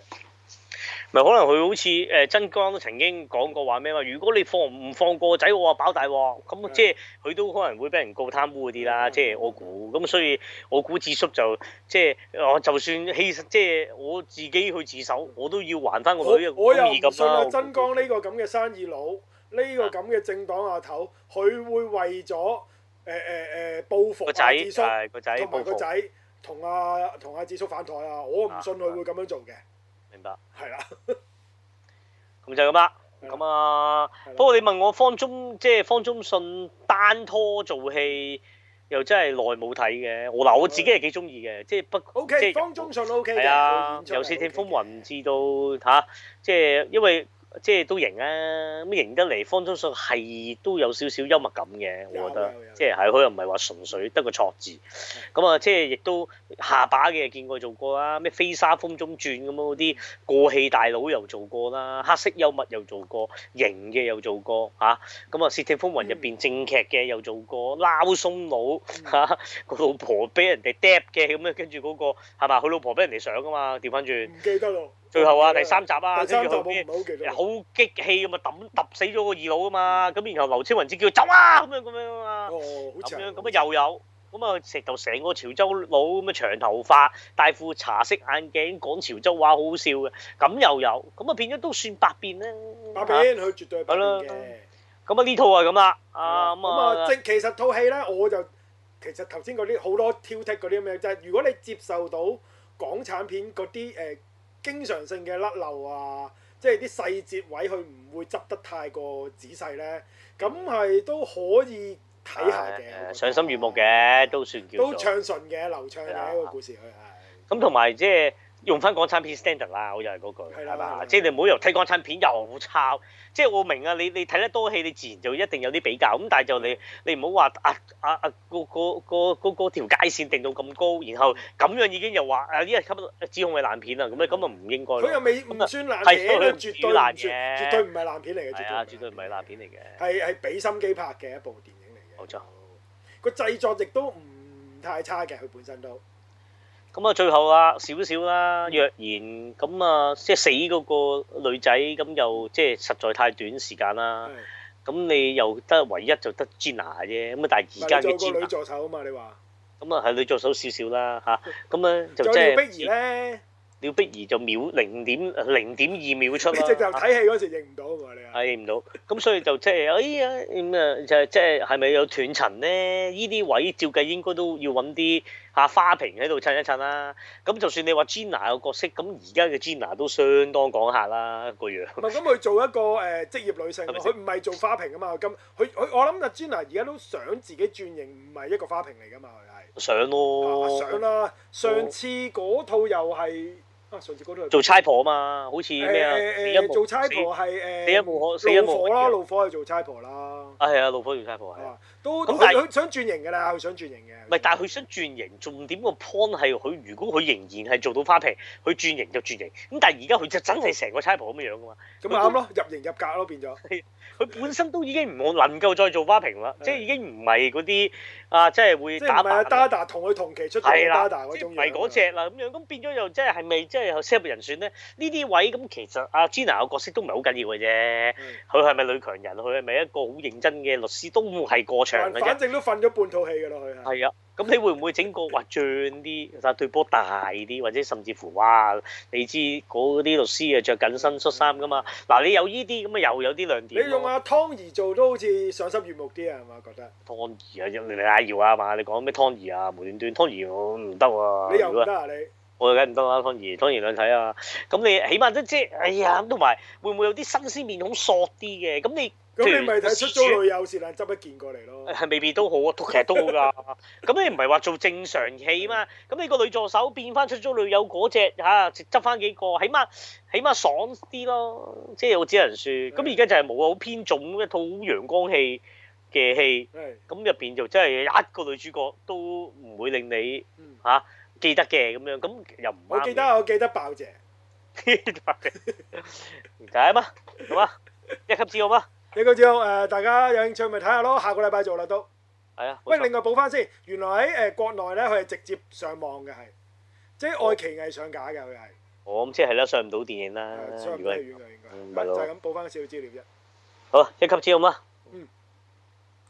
咪可能佢好似誒曾江都曾經講過話咩嘛？如果你放唔放過個仔，我話飽大鑊咁，即係佢都可能會俾人告貪污嗰啲啦。即係我估咁，所以我估智叔就即係我，就算其實即係我自己去自首，我都要還翻個女嘅生意咁咯。我又信阿曾江呢個咁嘅生意佬，呢個咁嘅政黨阿頭，佢會為咗誒誒誒報復阿智叔，同埋個仔。同阿同阿智叔反台啊！我唔信佢會咁樣做嘅、啊。明白。係啦的。咁 <laughs> 就係咁啦。咁的啊。的不過你問我方中即係、就是、方中信單拖做戲，又真係耐冇睇嘅。我嗱的我自己係幾中意嘅，即、就、係、是、不。O Okay , K，方中信 O K 嘅。係啊。由《四天風雲》至到嚇，即係因為。即係都型啊！咁型得嚟，方中信係都有少少幽默感嘅，我覺得。有有有。即係係，佢又唔係話純粹得個錯字。咁啊，即係亦都下巴嘅見過做過啦。咩飛沙風中轉咁樣？嗰啲過氣大佬又做過啦，黑色幽默又做過，型嘅又做過嚇。咁啊，《竊聽風雲》入邊正劇嘅又做過，撈、啊、松佬嚇個、嗯、 <laughs> 老婆俾人哋釘嘅咁啊，樣跟住嗰、嗰個係咪？佢老婆俾人哋上㗎嘛？調翻轉。唔記得咯。最後啊，第三集啊，好激氣咁啊，揼揼死咗個二佬啊嘛，咁然後劉超雲就叫佢走啊咁樣咁樣啊嘛，咁啊又有，咁啊成就成個潮州佬咁啊長頭髮，戴副茶色眼鏡，講潮州話好笑嘅，咁又有，咁啊變咗都算百變啦，百變佢絕對係百變，咁啊呢套啊咁啦，咁啊即其實套戲咧，我就其實頭先嗰啲好多挑剔嗰啲咁就係，如果你接受到港產片嗰啲誒。經常性嘅甩漏啊，即係啲細節位佢唔會執得太過仔細呢。咁係都可以睇下嘅，賞、哎、心悅目嘅都算叫都暢順嘅流暢嘅一個故事佢係咁同埋即係。的用翻港產片 standard 啦，我又係嗰句，係嘛？即係你唔好又睇港產片又抄。即係我明啊，你你睇得多戲，你自然就一定有啲比較。咁但係就你你唔好話啊啊啊個個個個條界線定到咁高，然後咁樣已經又話啊呢一級指控係爛片啊，咁啊咁啊唔應該。佢又未唔算爛嘅，絕對唔係爛，唔係爛片嚟嘅，絕對絕對唔係爛片嚟嘅。係係俾心機拍嘅一部電影嚟嘅。好錯，個製作亦都唔太差嘅，佢本身都。咁啊，最後啊，少少啦，若然咁啊，即係死嗰個女仔，咁又即係實在太短時間啦。咁是的 你又得唯一就得 Jenna 啫，咁啊，但係而家嘅 Jenna 女助手點點、嗯、啊嘛、 <laughs> 啊？你話咁啊，係女助手少少啦嚇。咁啊，就即係廖碧兒咧，廖碧兒就秒零點零點二秒出，一直就睇戲嗰時認唔到啊嘛，你係認唔到。咁所以就即、就、係、是、 <laughs> 哎呀咁啊，就即係係咪有斷層咧？呢啲位照計應該都要搵啲。嚇花瓶喺度襯一襯啦、啊，咁就算你話 Gina 有角色，咁而家嘅 Gina 都相當講一下啦個樣。唔係咁佢做一個誒、呃、職業女性，佢唔係做花瓶㗎嘛。咁佢佢我諗啊 Gina 而家都想自己轉型，唔係一個花瓶嚟㗎嘛。佢係想咯、啊，想啦。上次嗰套又係、哦、啊，上次嗰套做差婆啊嘛，好似咩啊？做差婆係誒，老火咯，老火去做差婆啦。啊係啊，老火做差婆係。啊啊啊啊都咁，但係佢想轉型㗎啦，佢想轉型嘅。唔係，但係佢想轉型，重點個 point 係佢如果佢仍然係做到花瓶，佢轉型就轉型。咁但係而家佢就真係成個差婆咁樣樣㗎嘛。咁啱咯，入型入格咯變咗。 <laughs> 佢本身都已經唔能夠再做花瓶啦， <laughs> 的即係已經唔係嗰啲啊，即係會打。即、啊、Dada 同佢同期出嘅的 Dada 嗰種，是是種。唔係嗰隻啦咁樣，咁變咗又即係係咪即係 set 人選咧？呢啲位咁其實阿、啊、Gina 個角色都唔係好緊要嘅啫。佢係咪女強人？佢係咪一個好認真嘅律師都係過。反正都瞓咗半套戲㗎喇，佢啊。係啊，咁你會唔會整個話脹啲，但對波大啲，或者甚至乎哇，你知嗰啲律師啊着緊身恤衫㗎嘛？嗱，你有依啲咁啊，又有啲亮點。你用阿、啊、湯兒做都好似賞心悅目啲啊，係嘛覺得？湯兒啊，人哋阿姚啊嘛，你講咩湯兒啊，無端端湯兒我唔得喎。你又唔得啊果你？我梗唔得啦，湯兒，湯兒兩睇啊。咁你起碼都即係，哎呀，咁同埋會唔會有啲新鮮面孔索啲嘅？咁你？咁你咪睇出租女友會先啦，執一件過嚟咯、哎。未必都好啊，其實都好㗎。咁、嗯、你唔係話做正常戲嘛？咁你個女助手變翻出租女友嗰隻嚇，執、啊、翻幾個，起碼起碼爽啲咯。即係我只能説。咁而家就係冇好偏重一套陽光戲嘅戲。咁入邊就真係一個女主角都唔會令你嚇、啊、記得嘅咁樣。咁又唔啱。我記得，我記得爆謝。唔解 <laughs> <laughs> <laughs> 嗎？好嗎？一級指控嗎？你個資料誒，大家有興趣咪睇下咯。下個禮拜做啦都。係啊。喂，另外補翻先，原來喺誒國內咧，佢係直接上網嘅，係，即係愛奇藝上架嘅佢係。我唔知係啦，上唔到電影啦。上唔到戲院㗎應該。就係咁補翻少少資料啫。好，一級資料嗎？